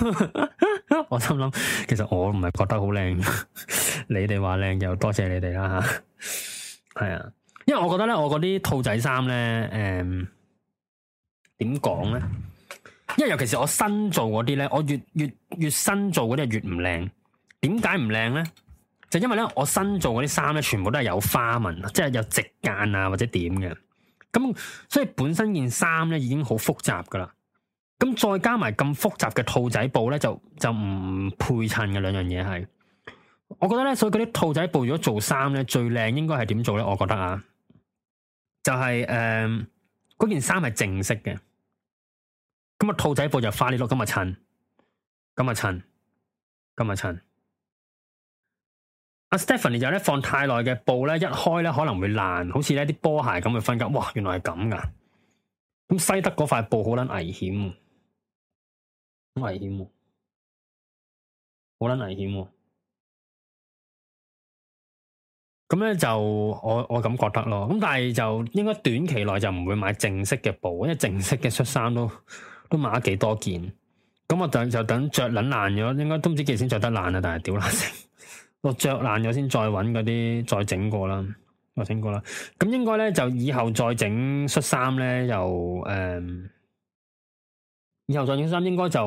(laughs) 我心諗，其實我唔係覺得好靚， (laughs) 你哋話靚又多謝你哋啦吓。係 (laughs) 啊，因為我覺得咧，我嗰啲兔仔衫咧，誒、嗯，點講咧？因為尤其是我新做嗰啲咧，我越越越新做嗰啲越唔靚。點解唔靚咧？就因為咧，我新做嗰啲衫咧，全部都係有花紋，即係有直間啊或者點嘅。咁所以本身件衫咧已經好複雜噶啦，咁再加埋咁複雜嘅兔仔布咧就就唔配襯嘅兩樣嘢係，我覺得咧，所以嗰啲兔仔布如果做衫咧最靚應該係點做咧？我覺得啊，就係誒嗰件衫係正式嘅，咁啊兔仔布就花呢碌今日襯，今日襯，今日襯。今 Stephanie 就咧放太耐嘅布咧，一開咧可能會爛，好似呢啲波鞋咁去分解。哇，原來係咁噶，咁西德嗰塊布好撚危險，危險，好撚危險。咁咧就我我咁覺得咯，咁但係就應該短期內就唔會買正式嘅布，因為正式嘅恤衫都都買咗幾多件，咁我等就，就等着捻爛咗，應該都唔知幾時先着得爛啊，但係屌爛聲。 (laughs) 我着爛咗先，再揾嗰啲再整過啦，再整過啦。咁應該咧就以後再整恤衫咧，又誒、嗯，以後再整衫應該就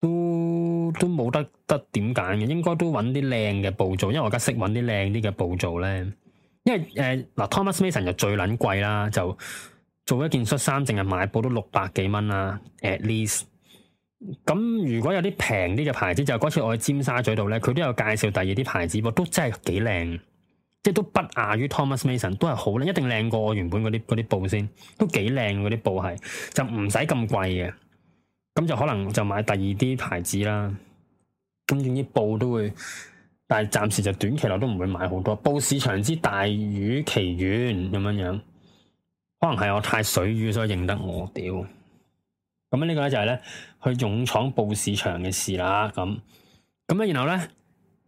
都都冇得得點揀嘅，應該都揾啲靚嘅布做，因為我而家識揾啲靚啲嘅布做咧。因為誒嗱、呃，Thomas Mason 就最撚貴啦，就做一件恤衫，淨係買布都六百幾蚊啦，at least。咁如果有啲平啲嘅牌子，就嗰次我去尖沙咀度咧，佢都有介紹第二啲牌子，都真係幾靚，即係都不亞於 Thomas Mason，都係好靚，一定靚過我原本嗰啲啲布先，都幾靚嗰啲布係，就唔使咁貴嘅，咁就可能就買第二啲牌子啦。咁總之啲布都會，但係暫時就短期內都唔會買好多布市場之大魚其遠咁樣樣，可能係我太水魚所以認得我屌。咁呢個咧就係、是、咧。去勇闖布市場嘅事啦，咁咁咧，然後咧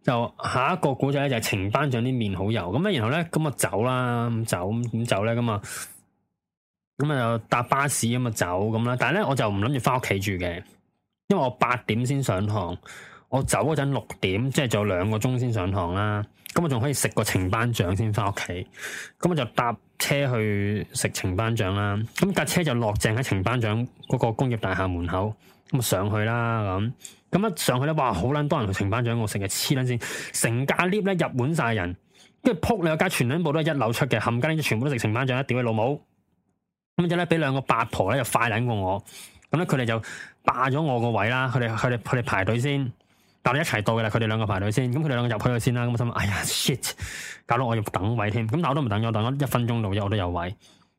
就下一個古仔咧就係程班長啲麵好油，咁咧然後咧咁啊走啦，咁走咁點走咧咁啊，咁啊就搭巴士咁啊走咁啦，但係咧我就唔諗住翻屋企住嘅，因為我八點先上堂，我走嗰陣六點，即係仲有兩個鐘先上堂啦，咁我仲可以食個程班長先翻屋企，咁我就搭車去食程班長啦，咁架車就落正喺程班長嗰個工業大廈門口。咁上去啦，咁咁一上去咧，哇，好撚多人食程班長，我成日黐撚先，成架 lift 咧入滿晒人，跟住扑你有架全 n 部都係一樓出嘅，冚家啲全部都食程班長，一屌佢老母。咁之後咧，俾兩個八婆咧就快撚過我，咁咧佢哋就霸咗我個位啦，佢哋佢哋佢哋排隊先，但係一齊到嘅啦，佢哋兩個排隊先，咁佢哋兩個入去先啦，咁我心諗，哎呀，shit，搞到我要等位添，咁但我都唔等，咗，等咗一分鐘左右，我都有位，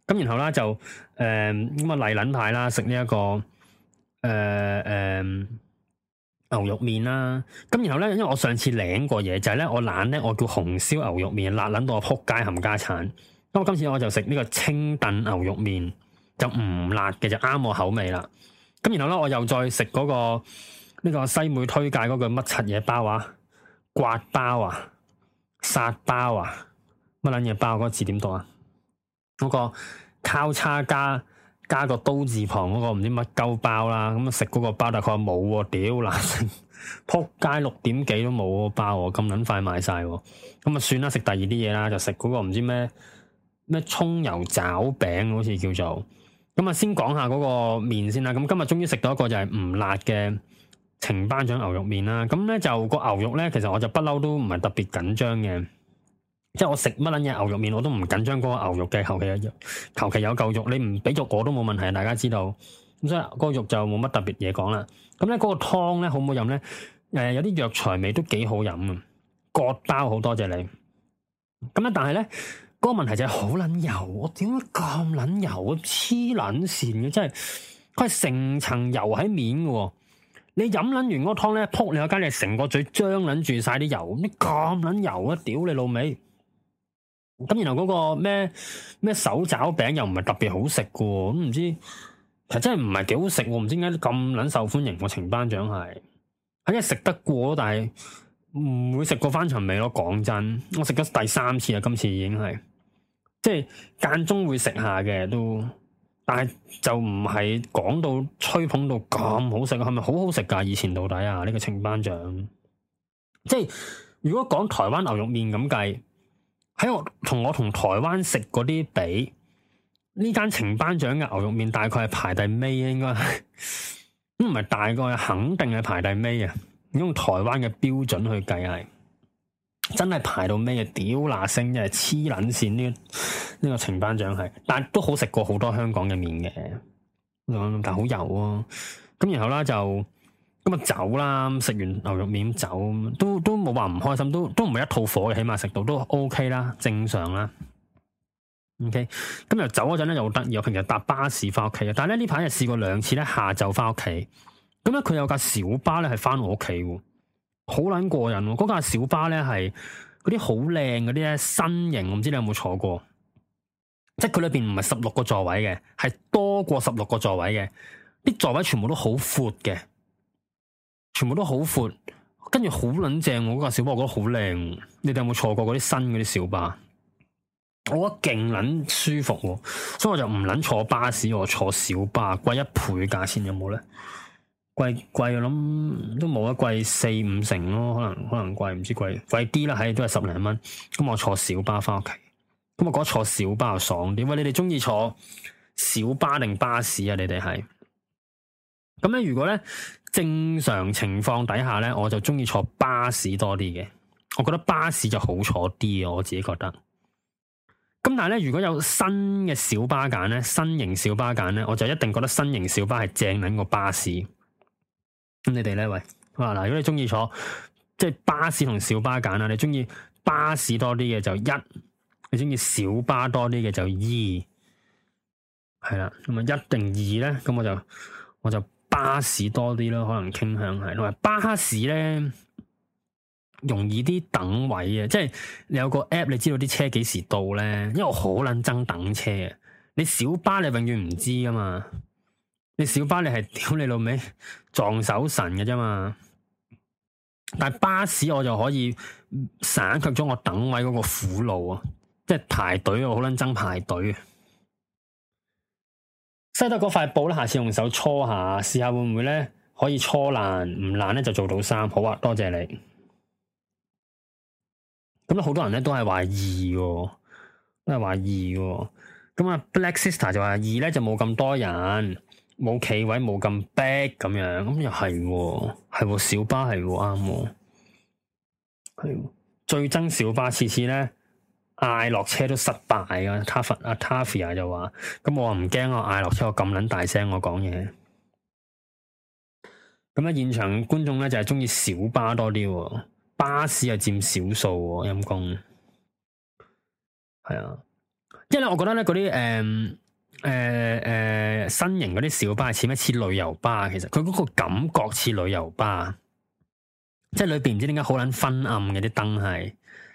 咁然後咧就誒咁啊，嚟、呃、撚派啦，食呢一個。誒誒、呃呃，牛肉麵啦，啊，咁然後咧，因為我上次領過嘢，就係、是、咧我懶咧，我叫紅燒牛肉麵，辣捻到我撲街冚家鏟，咁我今次我就食呢個清燉牛肉麵，就唔辣嘅，就啱我口味啦。咁然後咧，我又再食嗰、那個呢、這個西妹推介嗰個乜柒嘢包啊，刮包啊，殺包啊，乜捻嘢包、啊？嗰、那個字點讀啊？嗰、那個交叉加？加個刀字旁嗰個唔知乜鳩包啦，咁啊食嗰個包，大概冇喎，屌難食，撲街六點幾都冇個包喎、啊，咁撚快賣晒喎，咁啊算啦，食第二啲嘢啦，就食嗰個唔知咩咩葱油爪餅好似叫做，咁啊先講下嗰個麵先啦，咁今日終於食到一個就係唔辣嘅程班長牛肉麵啦，咁咧就、個牛肉咧其實我就不嬲都唔係特別緊張嘅。即係我食乜捻嘢牛肉麵，我都唔緊張嗰個牛肉嘅。求其有求其有嚿肉，你唔俾肉我都冇問題。大家知道咁，所以個肉就冇乜特別嘢講啦。咁咧嗰個湯咧好唔好飲咧？誒、呃，有啲藥材味都幾好飲啊！個包好多謝你。咁啊，但係咧嗰個問題就係好捻油，我點解咁捻油咁黐捻線嘅？真係佢係成層油喺面嘅。你飲捻完嗰個湯咧，扑你個街，你成個嘴張捻住晒啲油，你咁捻油啊！屌你老味！咁然後嗰個咩咩手抓餅又唔係特別好食嘅喎，我唔知係真係唔係幾好食喎，唔知點解咁撚受歡迎喎？我程班長係係因為食得過，但係唔會食過翻場味咯。講真，我食咗第三次啊，今次已經係即係間中會食下嘅都，但係就唔係講到吹捧到咁好食嘅，係咪好好食㗎？以前到底啊呢個程班長，即係如果講台灣牛肉麵咁計。喺我同我同台灣食嗰啲比，呢間程班長嘅牛肉麵大概係排第尾應該，都唔係大概，肯定係排第尾啊！如果用台灣嘅標準去計係，真係排到尾嘅，屌那星真係黐捻線呢個呢個程班長係，但都好食過好多香港嘅麵嘅，但好油啊！咁然後啦就。咁啊，走啦！食完牛肉麵走，都都冇話唔開心，都都唔係一套火嘅，起碼食到都 OK 啦，正常啦。OK，咁又走嗰陣咧又好得意，我平時搭巴士翻屋企嘅，但係咧呢排咧試過兩次咧下晝翻屋企，咁咧佢有架小巴咧係翻我屋企，好撚過癮喎！嗰架小巴咧係嗰啲好靚嗰啲咧身形我唔知你有冇坐過，即係佢裏邊唔係十六個座位嘅，係多過十六個座位嘅，啲座位全部都好闊嘅。全部都好闊，跟住好撚正，我嗰架小巴哥好靚。你哋有冇坐過嗰啲新嗰啲小巴？我覺得勁撚舒服，所以我就唔撚坐巴士，我坐小巴，貴一倍價錢有冇咧？貴貴，貴我諗都冇啊，貴四五成咯，可能可能貴唔知貴貴啲啦，係都係十零蚊。咁我坐小巴翻屋企，咁我覺得坐小巴又爽啲。點解你哋中意坐小巴定巴士啊？你哋係咁咧？如果咧？正常情況底下咧，我就中意坐巴士多啲嘅。我覺得巴士就好坐啲啊，我自己覺得。咁但係咧，如果有新嘅小巴揀咧，新型小巴揀咧，我就一定覺得新型小巴係正過個巴士。咁你哋咧，喂，啊嗱，如果你中意坐即係、就是、巴士同小巴揀啦，你中意巴士多啲嘅就一，你中意小巴多啲嘅就二，係啦。咁啊，一定二咧，咁我就我就。我就巴士多啲咯，可能傾向係同埋巴士咧，容易啲等位啊！即係你有個 app，你知道啲車幾時到咧，因為我好撚憎等車啊！你小巴你永遠唔知噶嘛，你小巴你係屌你老味，撞手神嘅啫嘛。但係巴士我就可以省卻咗我等位嗰個苦路啊！即係排隊，我好撚憎排隊。西德嗰塊布咧，下次用手搓下，試下會唔會咧可以搓爛？唔爛咧就做到衫好啊！多謝你。咁咧，好多人咧都係話二㗎，都係話二㗎。咁啊、哦、Black Sister 就話二咧就冇咁多人，冇企位，冇咁逼咁樣。咁又係、哦，係、哦、小巴係啱、哦，係、哦哦哦、最憎小巴次次咧。嗌落車都失敗㗎，塔佛啊，塔菲啊就話，咁我唔驚我嗌落車，我咁撚大聲我講嘢。咁咧現場觀眾咧就係中意小巴多啲、啊，巴士又佔少數、啊，陰公係啊。因為咧，我覺得咧嗰啲誒誒誒新型嗰啲小巴似咩？似旅遊巴？其實佢嗰個感覺似旅遊巴，即係裏邊唔知點解好撚昏暗嘅啲燈係。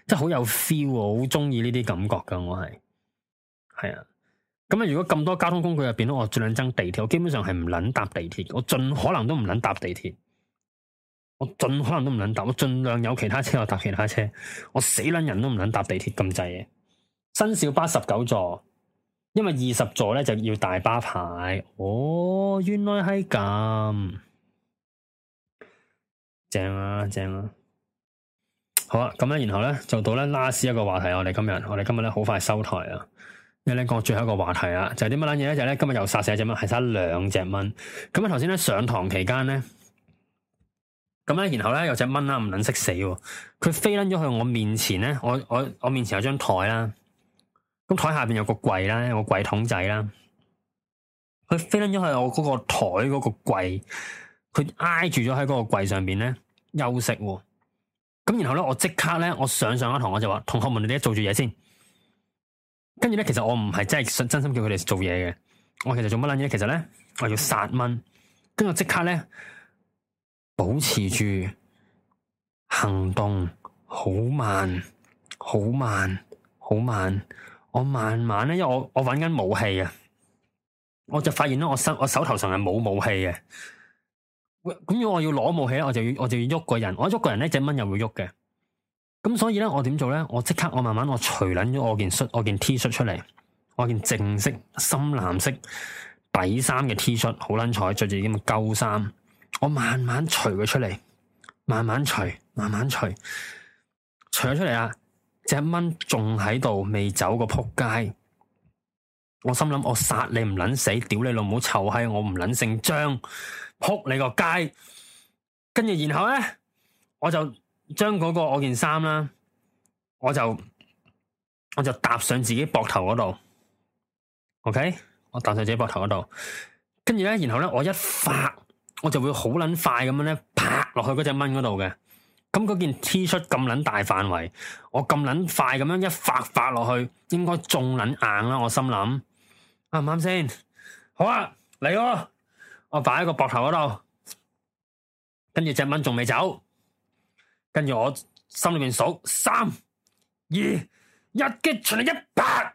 即係好有 feel，好中意呢啲感覺噶，我係係啊。咁啊，如果咁多交通工具入邊，我盡量憎地鐵。我基本上係唔捻搭地鐵，我盡可能都唔捻搭地鐵。我盡可能都唔捻搭，我盡量有其他車我搭其他車。我死捻人都唔捻搭地鐵咁滯嘅。新小巴十九座，因為二十座咧就要大巴牌。哦，原來係咁，正啊，正啊。好啦，咁咧，然後咧，就到咧，last 一個話題。我哋今日，我哋今日咧，好快收台啊！因為咧，講最後一個話題啊，就係點乜捻嘢咧？就係咧，今日又殺死一隻蚊，係殺兩隻蚊。咁、嗯、啊，頭先咧，上堂期間咧，咁咧，然後咧，有隻蚊啦，唔捻識死，佢飛撚咗去我面前咧，我我我面前有張台啦，咁台下邊有個櫃啦，有個櫃桶仔啦，佢飛撚咗去我嗰個台嗰個櫃，佢挨住咗喺嗰個櫃上邊咧休息。咁然後咧，我即刻咧，我上上一堂我就話，同學們你哋做住嘢先。跟住咧，其實我唔係真係真心叫佢哋做嘢嘅。我其實做乜撚嘢？其實咧，我要殺蚊。跟住即刻咧，保持住行動好慢，好慢，好慢。我慢慢咧，因為我我揾緊武器啊。我就發現咧，我手我手頭上係冇武器嘅。咁如果我要攞武器咧，我就要我就要喐個人，我喐個人咧隻蚊又會喐嘅。咁所以咧，我點做咧？我即刻我慢慢我除捻咗我件恤，我件 T 恤出嚟，我件淨色深藍色底衫嘅 T 恤，好捻彩，着住啲咁嘅舊衫。我慢慢除佢出嚟，慢慢除，慢慢除，除咗出嚟啦。隻蚊仲喺度，未走個撲街。我心諗，我殺你唔捻死，屌你老母臭閪，我唔捻姓張。撲你個街，跟住然後咧，我就將嗰個我件衫啦，我就我就搭上自己膊頭嗰度，OK，我搭上自己膊頭嗰度，跟住咧，然後咧，我一發，我就會好撚快咁樣咧，啪落去嗰隻蚊嗰度嘅，咁嗰件 T 恤咁撚大範圍，我咁撚快咁樣一發發落去，應該仲撚硬啦，我心諗，啱唔啱先？好啊，嚟。我擺喺個膊頭嗰度，跟住隻蚊仲未走，跟住我心裏面數三二一擊全嚟一百，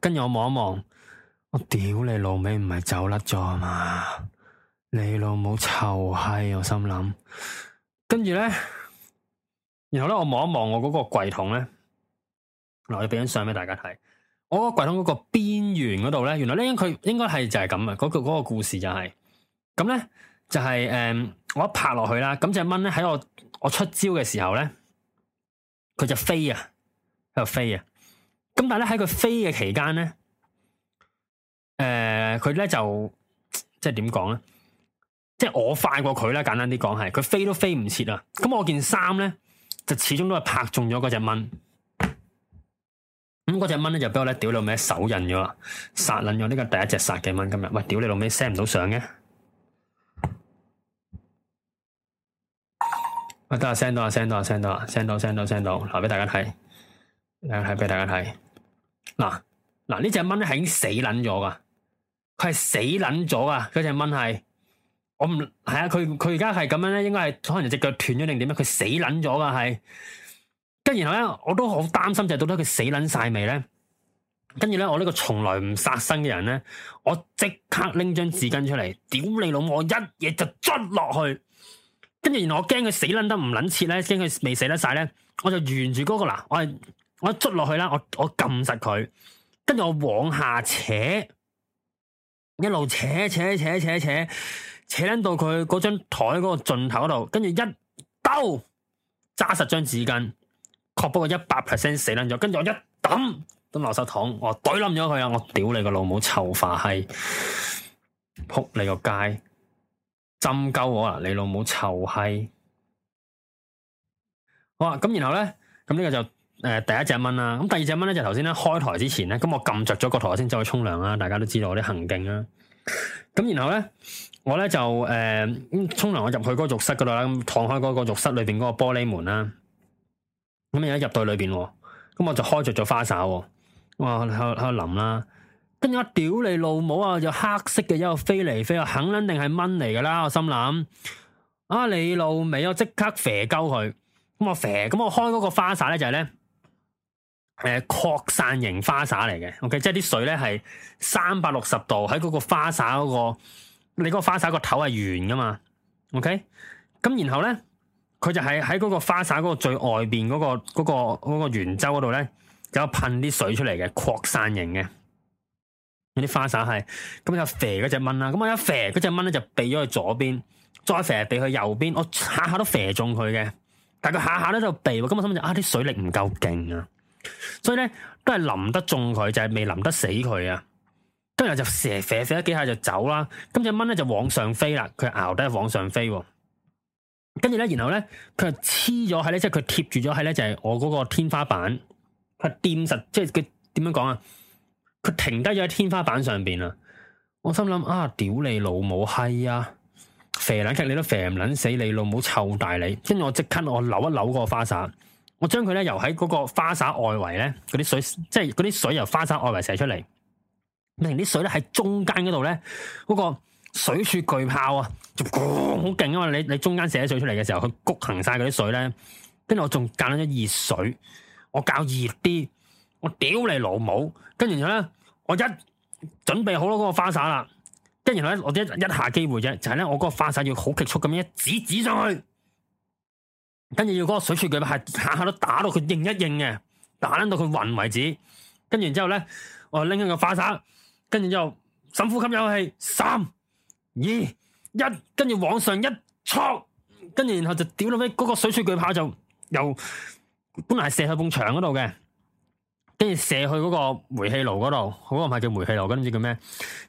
跟住我望一望， (music) 我屌你老味唔係走甩咗啊嘛？你老母臭閪！我心諗，跟住咧，然後咧，我望一望我嗰個櫃桶咧，嗱，我俾張相俾大家睇。我櫃桶嗰個邊緣嗰度咧，原來咧佢應該係就係咁啊！嗰、那個個故事就係咁咧，就係、是、誒、嗯，我一拍落去啦，咁隻蚊咧喺我我出招嘅時候咧，佢就飛啊，喺度飛啊。咁但係咧喺佢飛嘅期間咧，誒、呃，佢咧就即係點講咧？即係我快過佢啦，簡單啲講係，佢飛都飛唔切啊！咁我件衫咧就始終都係拍中咗嗰隻蚊。咁嗰隻蚊咧就俾我咧屌你老尾手印咗啦，殺捻咗呢個第一隻殺嘅蚊今日。喂，屌你老尾 send 唔到相嘅？得啦，send 到啦、啊、，send 到啦、啊、，send 到啦、啊、，send 到，send、啊、到，send、啊、到、啊，嗱、啊，俾大家睇，嚟睇俾大家睇。嗱嗱、這個、呢隻蚊係已經死捻咗噶，佢係死捻咗啊！呢隻蚊係我唔係啊，佢佢而家係咁樣咧，應該係可能隻腳斷咗定點樣，佢死捻咗噶係。然後咧，我都好擔心就，就係到底佢死撚晒未咧？跟住咧，我呢個從來唔殺生嘅人咧，我即刻拎張紙巾出嚟，屌你老母，一嘢就捽落去。跟住，原來我驚佢死捻撚得唔撚切咧，驚佢未死得晒咧，我就沿住嗰、嗰個嗱，我我捽落去啦，我我撳實佢，跟住我往下扯，一路扯扯扯扯扯，扯，扯，扯，扯到佢嗰張台嗰個盡頭度，跟住一兜揸實張紙巾。確保我不過一百 percent 死撚咗，跟住我一抌，咁落手桶，我懟冧咗佢啊！我屌你個老母臭化閪，仆你個街，針鳩我啊！你老母臭閪，好啊！咁然後咧，咁、這、呢個就誒第一隻蚊啦。咁第二隻蚊咧就頭先咧開台之前咧，咁我撳着咗個台，先走去沖涼啦。大家都知道我啲行徑啦。咁然後咧，我咧就誒沖涼，呃、我入去嗰個浴室嗰度啦，咁趟開嗰個浴室裏邊嗰個玻璃門啦。咁一入到裏邊，咁我就開着咗花灑，哇喺度喺度淋啦，跟住我屌你老母啊！就黑色嘅一個飛嚟飛去，肯定係蚊嚟噶啦，我心諗。啊，你老味啊我即刻肥鳩佢，咁、嗯、我肥，咁、嗯、我開嗰個花灑咧就係咧，誒、呃、擴散型花灑嚟嘅，OK，即係啲水咧係三百六十度喺嗰個花灑嗰、那個，你嗰個花灑個頭係圓噶嘛，OK，咁、嗯、然後咧。佢就係喺嗰個花灑嗰個最外邊嗰、嗰個嗰、嗰個、嗰個圓周嗰度咧，有噴啲水出嚟嘅、擴散型嘅，啲花灑係咁就肥嗰隻蚊啦。咁我一肥嗰隻蚊咧就避咗去左邊，再肥避去右邊，我下下都肥中佢嘅。但係佢下下咧就避，咁我心諗就啊，啲水力唔夠勁啊，所以咧都係淋得中佢，就係、是、未淋得死佢啊。跟住就肥肥肥咗幾下就走啦。咁隻蚊咧就往上飛啦，佢熬得往上飛。跟住咧，然後咧，佢係黐咗喺咧，即係佢貼住咗喺咧，就係、是、我嗰個天花板，佢掂實，即係佢點樣講啊？佢停低咗喺天花板上邊啊！我心諗啊，屌你老母，係啊，肥兩擊你都肥唔撚死你老母臭大你！跟住我即刻我扭一扭個花灑，我將佢咧由喺嗰個花灑外圍咧，嗰啲水，即係嗰啲水由花灑外圍射出嚟，令啲水咧喺中間嗰度咧，嗰個水柱巨炮啊！就好勁啊！你 (noise) 你中間射啲水出嚟嘅時候，佢谷行晒嗰啲水咧，跟住我仲加捻咗熱水，我較熱啲，我屌你老母，跟住然後咧，我一準備好咗嗰個花灑啦，跟住然後咧，我一一下機會啫，就係、是、咧，我嗰個花灑要好極速咁樣一指指上去，跟住要嗰個水柱巨波係下下都打到佢應一應嘅，打捻到佢暈為止，跟住之後咧，我拎緊個花灑，跟住之後深呼吸有口氣，三二。一跟住往上一戳，跟住然後就屌到尾，嗰、嗰個水水巨炮就由本來係射去埲牆度嘅。跟住射去嗰個煤氣爐嗰度，嗰個唔係叫煤氣爐，咁唔知叫咩？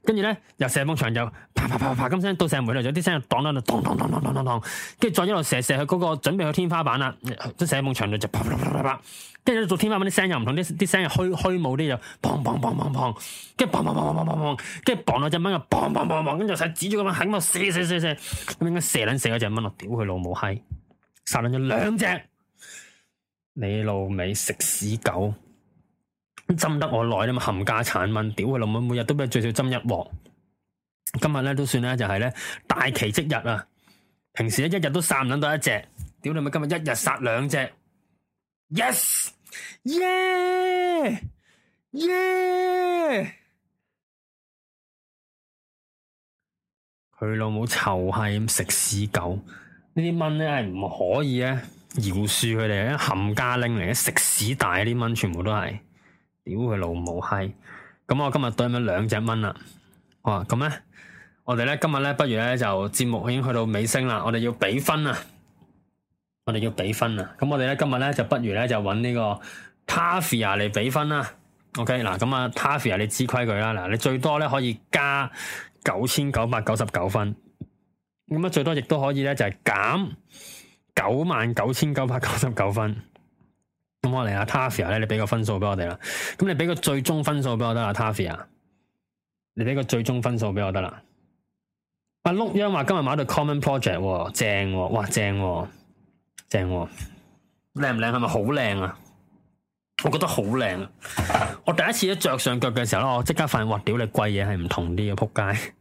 跟住咧又射幕牆就啪啪啪啪咁聲，到射煤氣爐就啲聲擋喺度，咚咚咚咚咚。跟住再一路射射去嗰個準備去天花板啦，即射幕牆就啪啪啪啪啪。跟住做天花板啲聲又唔同，啲啲聲又虛虛冇啲就砰砰砰砰砰，跟住砰砰砰跟住砰落隻蚊啊，砰砰砰砰，跟住就指住個蚊，喺度射射射射，咁應該射卵射嗰隻蚊咯，屌佢老母閪，殺卵咗兩隻，你老味食屎狗！針得我耐啦嘛，冚家鏟蚊，屌佢老母，每日都俾最少針一鑊。今日咧都算咧，就係咧大奇蹟日啊！平時一日都殺唔到到一隻，屌你咪今日一日殺兩隻。Yes, yeah, yeah！佢老母臭閪咁食屎狗，呢啲蚊咧係唔可以咧、啊、饒恕佢哋咧，冚家拎嚟嘅食屎大，啲蚊全部都係。屌佢、哦、老母閪！咁我今日懟咗兩隻蚊啦，哇、啊！咁咧，我哋咧今日咧，不如咧就節目已經去到尾聲啦，我哋要比分啊！我哋要比分啊！咁我哋咧今日咧就不如咧就搵呢個 Taffy 呀嚟比分啦。OK，嗱，咁啊 Taffy 呀你知規矩啦，嗱、啊，你最多咧可以加九千九百九十九分，咁啊最多亦都可以咧就係、是、減九萬九千九百九十九分。咁我嚟阿、啊、Taffy 咧，你俾個分數俾我哋啦。咁你俾個最終分數俾我得啦 Taffy 啊你俾個最終分數俾我得啦。阿碌央話今日買對 Common Project、哦、正、哦，哇正，正、哦，靚唔靚？係咪好靚啊？我覺得好靚、啊。我第一次一着上腳嘅時候咧，我即刻發現，哇！屌你貴嘢係唔同啲嘅，扑街。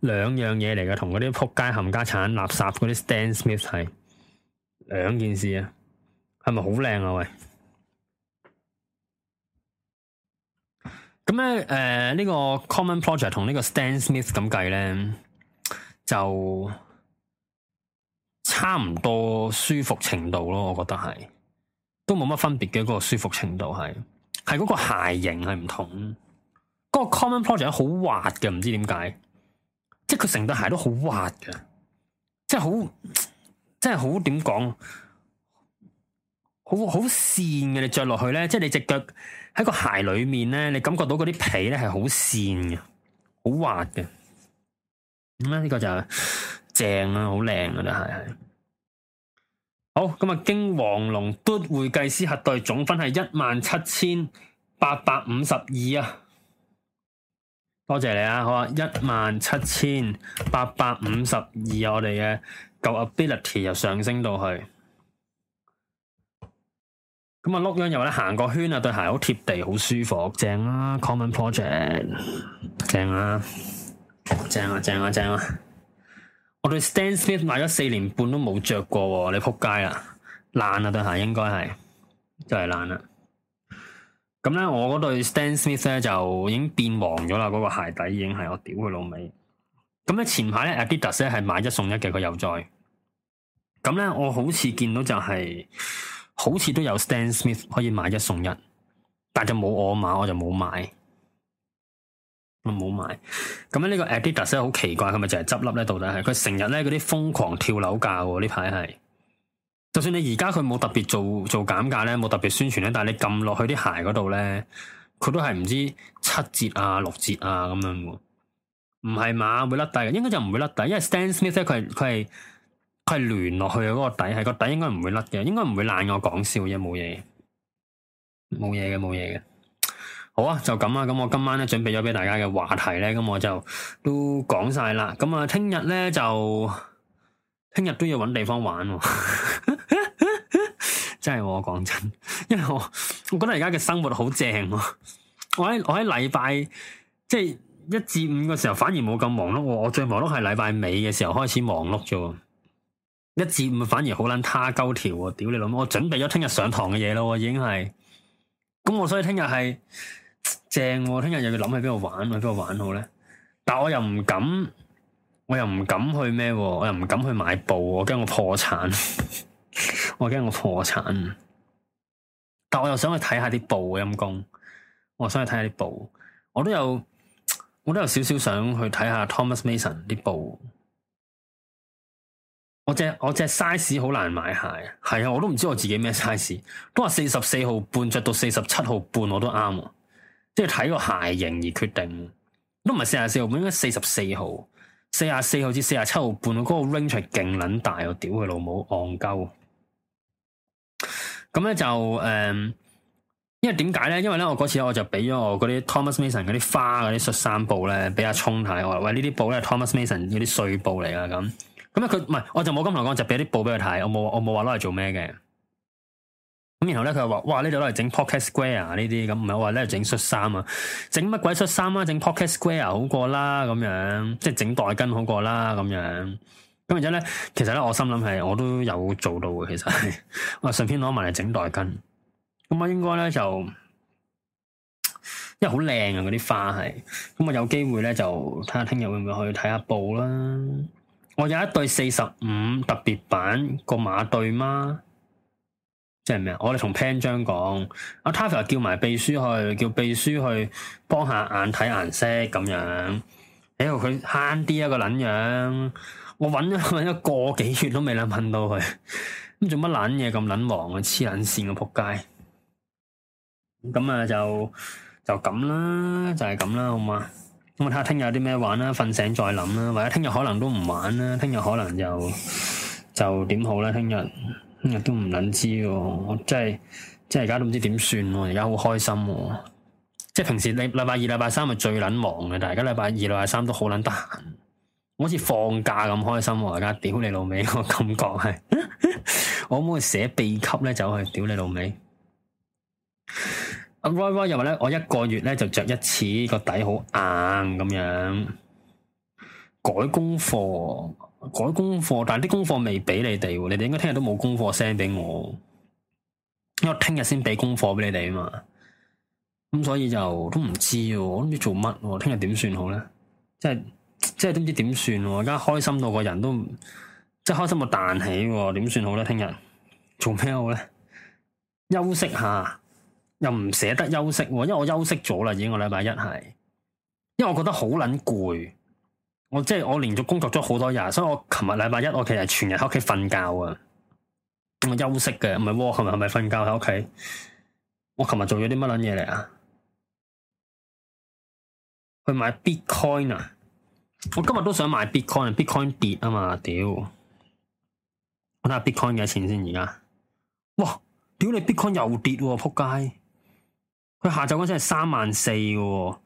兩 (laughs) 樣嘢嚟嘅，同嗰啲扑街冚家鏟垃圾嗰啲 Stan Smith 係兩件事啊。係咪好靚啊？喂！咁咧，誒，呢個 Common Project 同呢個 Stan Smith 咁計咧，就差唔多舒服程度咯，我覺得係都冇乜分別嘅，嗰個舒服程度係，係嗰個鞋型係唔同。嗰個 Common Project 好滑嘅，唔知點解，即係佢成對鞋都好滑嘅，即係好，即係好點講，好好跣嘅，你着落去咧，即係你隻腳。喺個鞋裏面咧，你感覺到嗰啲皮咧係好跣嘅，好滑嘅。咁咧呢個就是，正啦，啊，好靚噶啦，係係。好，咁啊，經黃龍 do 會計師核對總分係一萬七千八百五十二啊。多謝你啊，好啊，一萬七千八百五十二，我哋嘅舊 ability 又上升到去。咁啊，碌樣又咧行個圈啊，對鞋好貼地，好舒服，正啊！Common Project，正啊，正啊，正啊！正啊，我對 Stan Smith 買咗四年半都冇着過喎，你撲街啦，爛啊，對鞋應該係，真係爛啦。咁咧，我嗰對 Stan Smith 咧就已經變黃咗啦，嗰、嗰個鞋底已經係我屌佢老味。咁咧前排咧 Adidas 咧係買一送一嘅，佢又再。咁咧，我好似見到就係。好似都有 Stan Smith 可以買一送一，但就冇我碼，我就冇買。我冇買。咁咧呢個 Adidas 好奇怪，佢咪就係執笠咧？到底係佢成日咧嗰啲瘋狂跳樓價喎？呢排係，就算你而家佢冇特別做做減價咧，冇特別宣傳咧，但係你撳落去啲鞋嗰度咧，佢都係唔知七折啊、六折啊咁樣。唔係碼會甩底，應該就唔會甩底，因為 Stan Smith 咧佢係佢係。佢係連落去嘅嗰個底，係個底應該唔會甩嘅，應該唔會爛嘅。我講笑啫，冇嘢，冇嘢嘅，冇嘢嘅。好啊，就咁啊，咁我今晚咧準備咗俾大家嘅話題咧，咁我就都講晒啦。咁啊，聽日咧就聽日都要搵地方玩喎， (laughs) (laughs) 真係我講真，因為我我覺得而家嘅生活好正喎。 (laughs) 我喺我喺禮拜即係一至五嘅時候反而冇咁忙碌，我最忙碌係禮拜尾嘅時候開始忙碌啫。一至五反而好撚他鳩條喎，屌你諗，我準備咗聽日上堂嘅嘢咯，已經係，咁我所以聽日係正、哦，聽日又要諗去邊度玩，去邊度玩好咧？但我又唔敢，我又唔敢去咩？我又唔敢去買布，我驚我破產， (laughs) 我驚我破產。但我又想去睇下啲布陰公，我想去睇下啲布，我都有，我都有少少想去睇下 Thomas Mason 啲布。我只我只 size 好難買鞋，係啊，我都唔知我自己咩 size，都話四十四號半着到四十七號半我都啱，即係睇個鞋型而決定，都唔係四十四號半，應該四十四號，四十四號至四十七號半，嗰個 range 係勁撚大我屌佢老母，戇鳩，咁咧就誒、嗯，因為點解咧？因為咧我嗰次我就俾咗我嗰啲 Th Thomas Mason 嗰啲花嗰啲恤衫布咧，俾阿聰睇，我話喂呢啲布咧 Thomas Mason 嗰啲碎布嚟啊咁。咁佢唔係，我就冇咁同佢講，就俾啲布俾佢睇。我冇，我冇話攞嚟做咩嘅。咁然後咧，佢又話，哇，呢度攞嚟整 Pocket Square 啊。呢啲咁。唔係我話呢度整恤衫啊，整乜鬼恤衫啊？整 Pocket Square 好過啦，咁樣，即係整袋巾好過啦，咁樣。咁而且咧，其實咧，我心諗，係我都有做到嘅。其實係 (laughs) 我順便攞埋嚟整袋巾。咁啊，應該咧就，因為好靚啊，嗰啲花係。咁啊，有機會咧就睇下聽日會唔會去睇下布啦。我有一對四十五特別版個馬對嗎？即係咩啊？我哋同 Pan 張講，阿 Taffy 叫埋秘書去，叫秘書去幫下眼睇顏色咁樣。哎、欸、呀，佢慳啲啊個撚樣！我揾咗揾咗個幾月都未，撚問到佢。咁做乜撚嘢咁撚黃啊？黐撚線個仆街。咁啊就就咁啦，就係、是、咁啦，好嘛？咁睇下聽日有啲咩玩啦，瞓醒再諗啦，或者聽日可能都唔玩啦，聽日可能又就點好啦，聽日聽日都唔捻知嘅，我真係真係而家都唔知點算咯，而家好開心，即係平時你禮拜二、禮拜三係最捻忙嘅，但係而家禮拜二、禮拜三都好捻得閒，好似放假咁開心。而家屌你老味，個感覺係 (laughs) 我可唔可以寫秘笈咧？走去屌你老味。咁威威又話咧，我一個月咧就着一次個底好硬咁樣，改功課，改功課，但係啲功課未俾你哋，你哋應該聽日都冇功課 send 俾我，因為聽日先俾功課俾你哋啊嘛。咁所以就都唔知，我諗住做乜？聽日點算好咧？即係即係都唔知點算？而家開心到個人都，即係開心到彈起，點算好咧？聽日做咩好咧？休息下。又唔捨得休息，因為我休息咗啦，已經我禮拜一係，因為我覺得好卵攰，我即係、就是、我連續工作咗好多日，所以我琴日禮拜一我其實全日喺屋企瞓覺啊，咁啊休息嘅，唔係 w o 日係咪瞓覺喺屋企？我琴日做咗啲乜卵嘢嚟啊？去買 bitcoin 啊！我今日都想買 bitcoin，bitcoin 跌啊嘛，屌！我睇下 bitcoin 幾多錢先而家，哇！屌你 bitcoin 又跌，啊，仆街！佢下晝嗰陣係三萬四嘅，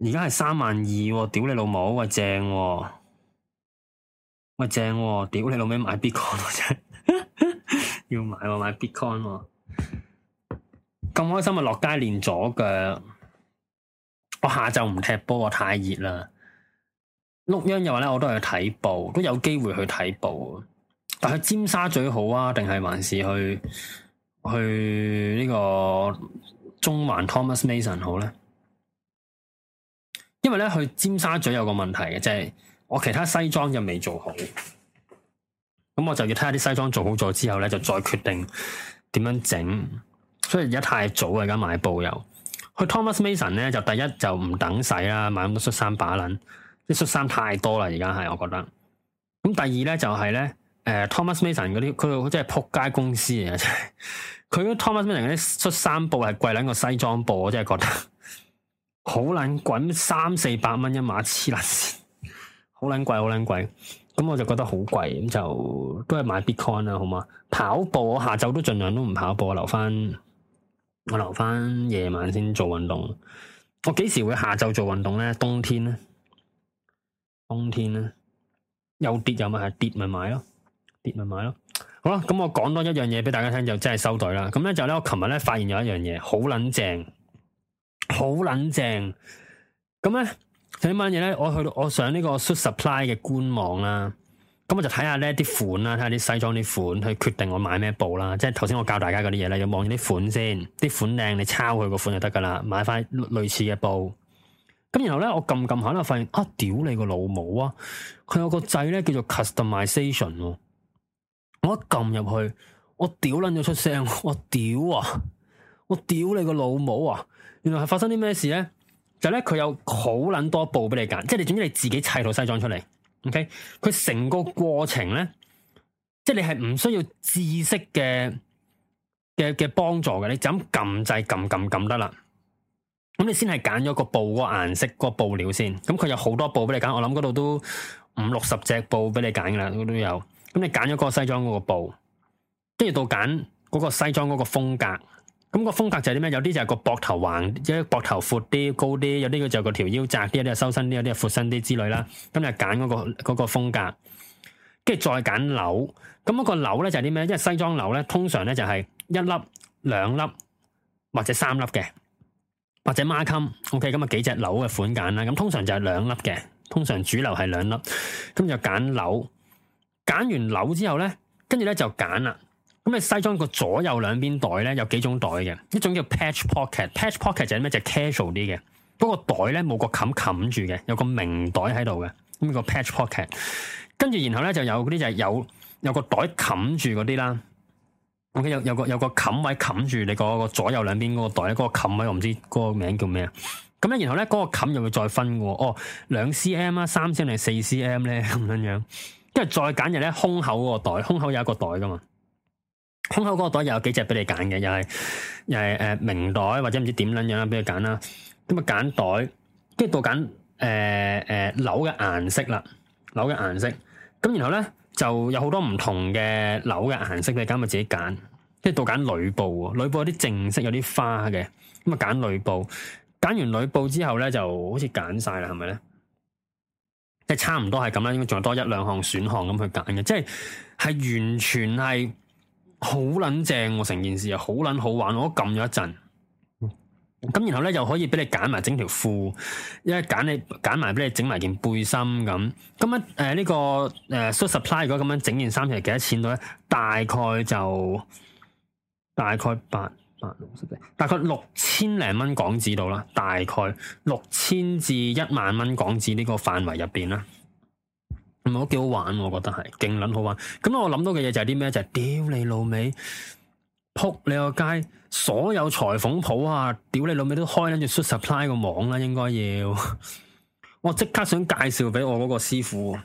而家係三萬二，屌你老母，喂正、哦，喂正、哦，屌你老味買 bitcoin、哦、真， (laughs) 要買、哦，買 bitcoin，咁、哦、開心啊！落街練左腳，我下晝唔踢波，我太熱啦。碌音又話咧，我都係去睇步，都有機會去睇步，但係尖沙咀好啊，定係還是去去呢、這個？中環 Thomas Mason 好咧，因為咧去尖沙咀有個問題嘅，即係我其他西裝又未做好，咁我就要睇下啲西裝做好咗之後咧，就再決定點樣整。所以而家太早啊，而家買布又去 Thomas Mason 咧，就第一就唔等使啦，買咁多恤衫把撚，啲恤衫太多啦，而家係我覺得。咁第二咧就係咧，誒 Thomas Mason 嗰啲佢真係撲街公司嚟嘅。係。 (laughs) 佢嗰 Thomas m 乜人咧恤衫布係貴緊個西裝布，我真係覺得好捻滾，三四百蚊一碼黐捻線，好捻貴，好捻貴。咁我就覺得貴就 coin, 好貴，咁就都係買 Bitcoin 啦，好嘛？跑步我下晝都盡量都唔跑步，留翻我留翻夜晚先做運動。我幾時會下晝做運動咧？冬天咧？冬天咧？又,跌,又跌就買，跌咪買咯，跌咪買咯。好啦，咁我講多一樣嘢俾大家聽就真係收袋啦。咁咧就咧，我琴日咧發現咗一樣嘢，好冷靜，好冷靜。咁咧，最尾嗰樣嘢咧，我去到我上呢個 Suit Supply 嘅官網啦。咁我就睇下咧啲款啦，睇下啲西裝啲款，去決定我買咩布啦。即係頭先我教大家嗰啲嘢咧，要望住啲款先，啲款靚你抄佢個款就得噶啦，買返類似嘅布。咁然後咧，我撳撳下咧，我發現啊屌你個老母啊！佢有個掣咧叫做 Customization。我一撳入去，我屌捻咗出聲，我屌啊！我屌你個老母啊！原來係發生啲咩事咧？就咧、是、佢有好捻多布俾你揀，即係你總之你自己砌套西裝出嚟。OK，佢成個過程咧，即係你係唔需要知識嘅嘅嘅幫助嘅，你就咁撳掣撳撳撳得啦。咁、嗯、你先係揀咗個布個顏色個布料先，咁佢有好多布俾你揀，我諗嗰度都五六十隻布俾你揀噶啦，都有。咁你揀咗嗰個西裝嗰個布，跟住到揀嗰個西裝嗰個風格。咁個風格就係啲咩？有啲就係個膊頭橫，即係膊頭闊啲、高啲；有啲佢就個條腰窄啲，有啲係修身啲，有啲係闊身啲之類啦。咁就揀嗰個嗰個風格，跟住再揀鈕。咁個鈕咧就係啲咩？因為西裝鈕咧通常咧就係一粒、兩粒或者三粒嘅，或者孖襟。O K，咁啊幾隻鈕嘅款揀啦。咁通常就係兩粒嘅，通常主流係兩粒。咁就揀鈕。揀完褸之後咧，跟住咧就揀啦。咁你西裝個左右兩邊袋咧有幾種袋嘅，一種叫 patch pocket。patch pocket 就係咩？就係 casual 啲嘅，嗰個袋咧冇個冚冚住嘅，有個明袋喺度嘅，咁個 patch pocket。跟住然後咧就有嗰啲就係有有個袋冚住嗰啲啦。OK，有有個有個冚位冚住你嗰個左右兩邊嗰個袋，嗰個冚位我唔知嗰個名叫咩。咁咧然後咧嗰個冚又會再分嘅，哦，兩 cm 啊，三 cm 定四 cm 咧咁樣樣。因為再揀嘢咧，胸口嗰個袋，胸口有一個袋噶嘛，胸口嗰個袋又有幾隻俾你揀嘅，又係又係誒明袋，或者唔知點捻樣俾你揀啦。咁啊揀袋，跟住到揀誒誒鈕嘅顏色啦，鈕嘅顏色。咁然後咧就有好多唔同嘅鈕嘅顏色俾你揀，咪自己揀。跟住到揀裏布，裏布有啲正色，有啲花嘅。咁啊揀裏布，揀完裏布之後咧，就好似揀晒啦，係咪咧？即係差唔多係咁啦，應該仲有多一兩項選項咁去揀嘅，即係係完全係好捻正喎，成件事又好捻好玩。我撳咗一陣，咁、嗯、然後咧又可以俾你揀埋整條褲，因為揀你揀埋俾你整埋件背心咁。咁樣誒呢、嗯呃這個誒、呃 so、supply 如果咁樣整件衫其實幾多錢到咧？大概就大概八。六十大概六千零蚊港紙到啦，大概六千至一萬蚊港紙呢個範圍入邊啦。唔好幾好玩，我覺得係勁捻好玩。咁我諗到嘅嘢就係啲咩？就係、是、屌你老味，扑你個街，所有裁縫鋪啊，屌你老味都開緊住 supply 個網啦，應該要。 (laughs) 我即刻想介紹俾我嗰個師傅，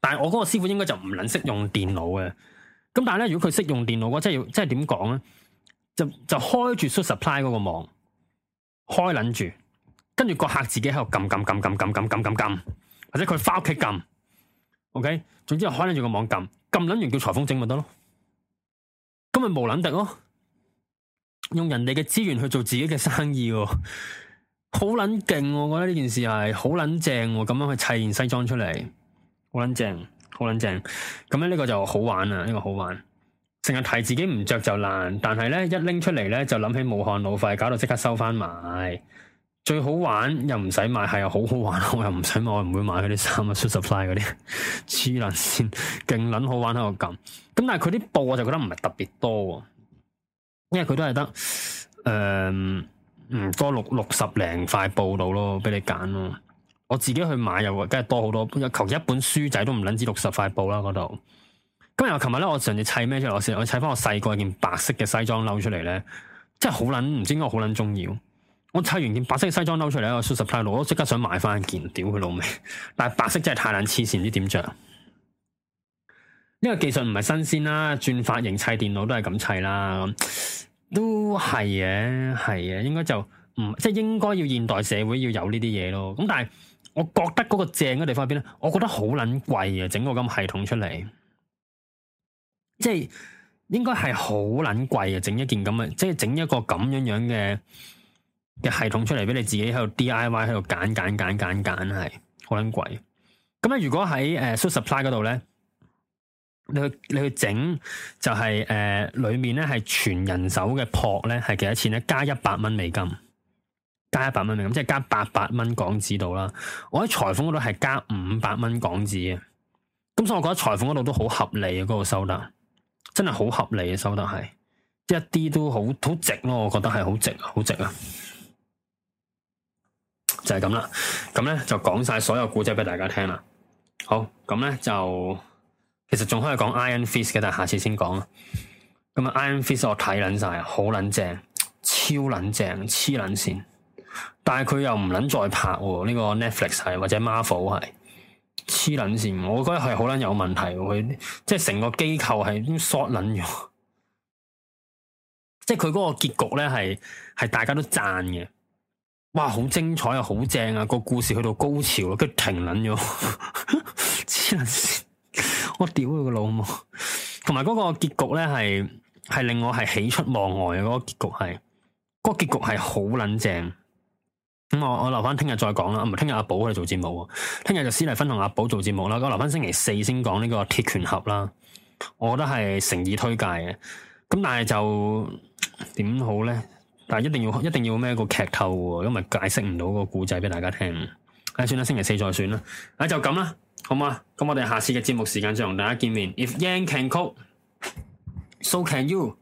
但係我嗰個師傅應該就唔捻識用電腦嘅。咁但係咧，如果佢識用電腦嘅話，即係要，即係點講咧？就就開住 supply 嗰個網開撚住，跟住個客自己喺度撳撳撳撳撳撳撳撳，或者佢翻屋企撳，OK，總之係開捻住個網撳撳捻完叫裁縫整咪得咯，咁咪無捻敵咯，用人哋嘅資源去做自己嘅生意，喎，好捻勁，我覺得呢件事係好捻正，咁樣去砌件西裝出嚟，好捻正，好捻正，咁樣呢個就好玩啊，呢個好玩。成日提自己唔着就爛，但係咧一拎出嚟咧就諗起武漢老費，搞到即刻收翻埋。最好玩又唔使買，係又好好玩，我又唔使買，我唔會買嗰啲衫啊 s 十 p 嗰啲黐捻線，勁捻 (laughs) 經病 (laughs) 好玩喺度撳。咁但係佢啲布我就覺得唔係特別多，因為佢都係得誒唔多六六十零塊布到咯，俾你揀咯。我自己去買又梗係多好多，求一本書仔都唔捻知六十塊布啦嗰度。今日琴日咧，我上次砌咩出嚟？我先我砌翻我細個件白色嘅西裝褸出嚟咧，真係好捻唔知應該好捻重要。我砌完件白色嘅西裝褸出嚟，我 superpower 都即刻想買翻件。屌佢老味，但係白色真係太捻黐線，唔知點着。呢、這個技術唔係新鮮啦，轉髮型砌電腦都係咁砌啦，嗯、都係嘅、啊，係嘅、啊，應該就唔即係應該要現代社會要有呢啲嘢咯。咁但係我覺得嗰個正嘅地方喺邊咧？我覺得好捻貴啊，整個咁系統出嚟。即係應該係好捻貴嘅，整一件咁嘅，即係整一個咁樣樣嘅嘅系統出嚟，俾你自己喺度 DIY 喺度揀揀揀揀揀，係好捻貴。咁咧如果喺誒 Supplies 嗰度咧，你去你去整就係、是、誒、呃、裏面咧係全人手嘅，扑咧係幾多錢咧？加一百蚊美金，加一百蚊美金，即係加八百蚊港紙度啦。我喺裁縫嗰度係加五百蚊港紙嘅，咁所以我覺得裁縫嗰度都好合理嘅嗰個收得。真係好合理收得係，一啲都好好值咯！我覺得係好值，好值啊！就係咁啦，咁咧就講晒所有故仔俾大家聽啦。好，咁咧就其實仲可以講 Iron Fist 嘅，但係下次先講。咁啊，Iron Fist 我睇捻晒，好捻正，超捻正，黐捻線。但係佢又唔捻再拍呢、呢個 Netflix 係或者 Marvel 係。黐捻線，我覺得係好捻有問題，佢即係成個機構係 short 捻咗，即係佢嗰個結局咧係係大家都讚嘅，哇好精彩啊，好正啊，個故事去到高潮，跟住停捻咗，黐捻線，我屌佢個老母！同埋嗰個結局咧係係令我係喜出望外啊，嗰、嗰個結局係嗰、嗰個結局係好捻正。咁我我留翻聽日再講啦，唔係聽日阿寶喺度做節目，聽日就斯麗芬同阿寶做節目啦。我留翻、啊、星期四先講呢個鐵拳俠啦，我覺得係誠意推介嘅。咁但係就點好咧？但係一定要一定要咩個劇透，因為解釋唔到個故仔俾大家聽。唉、哎，算啦，星期四再算啦。唉、哎，就咁啦，好嘛？咁我哋下次嘅節目時間再同大家見面。If Yang can Cook, so can you.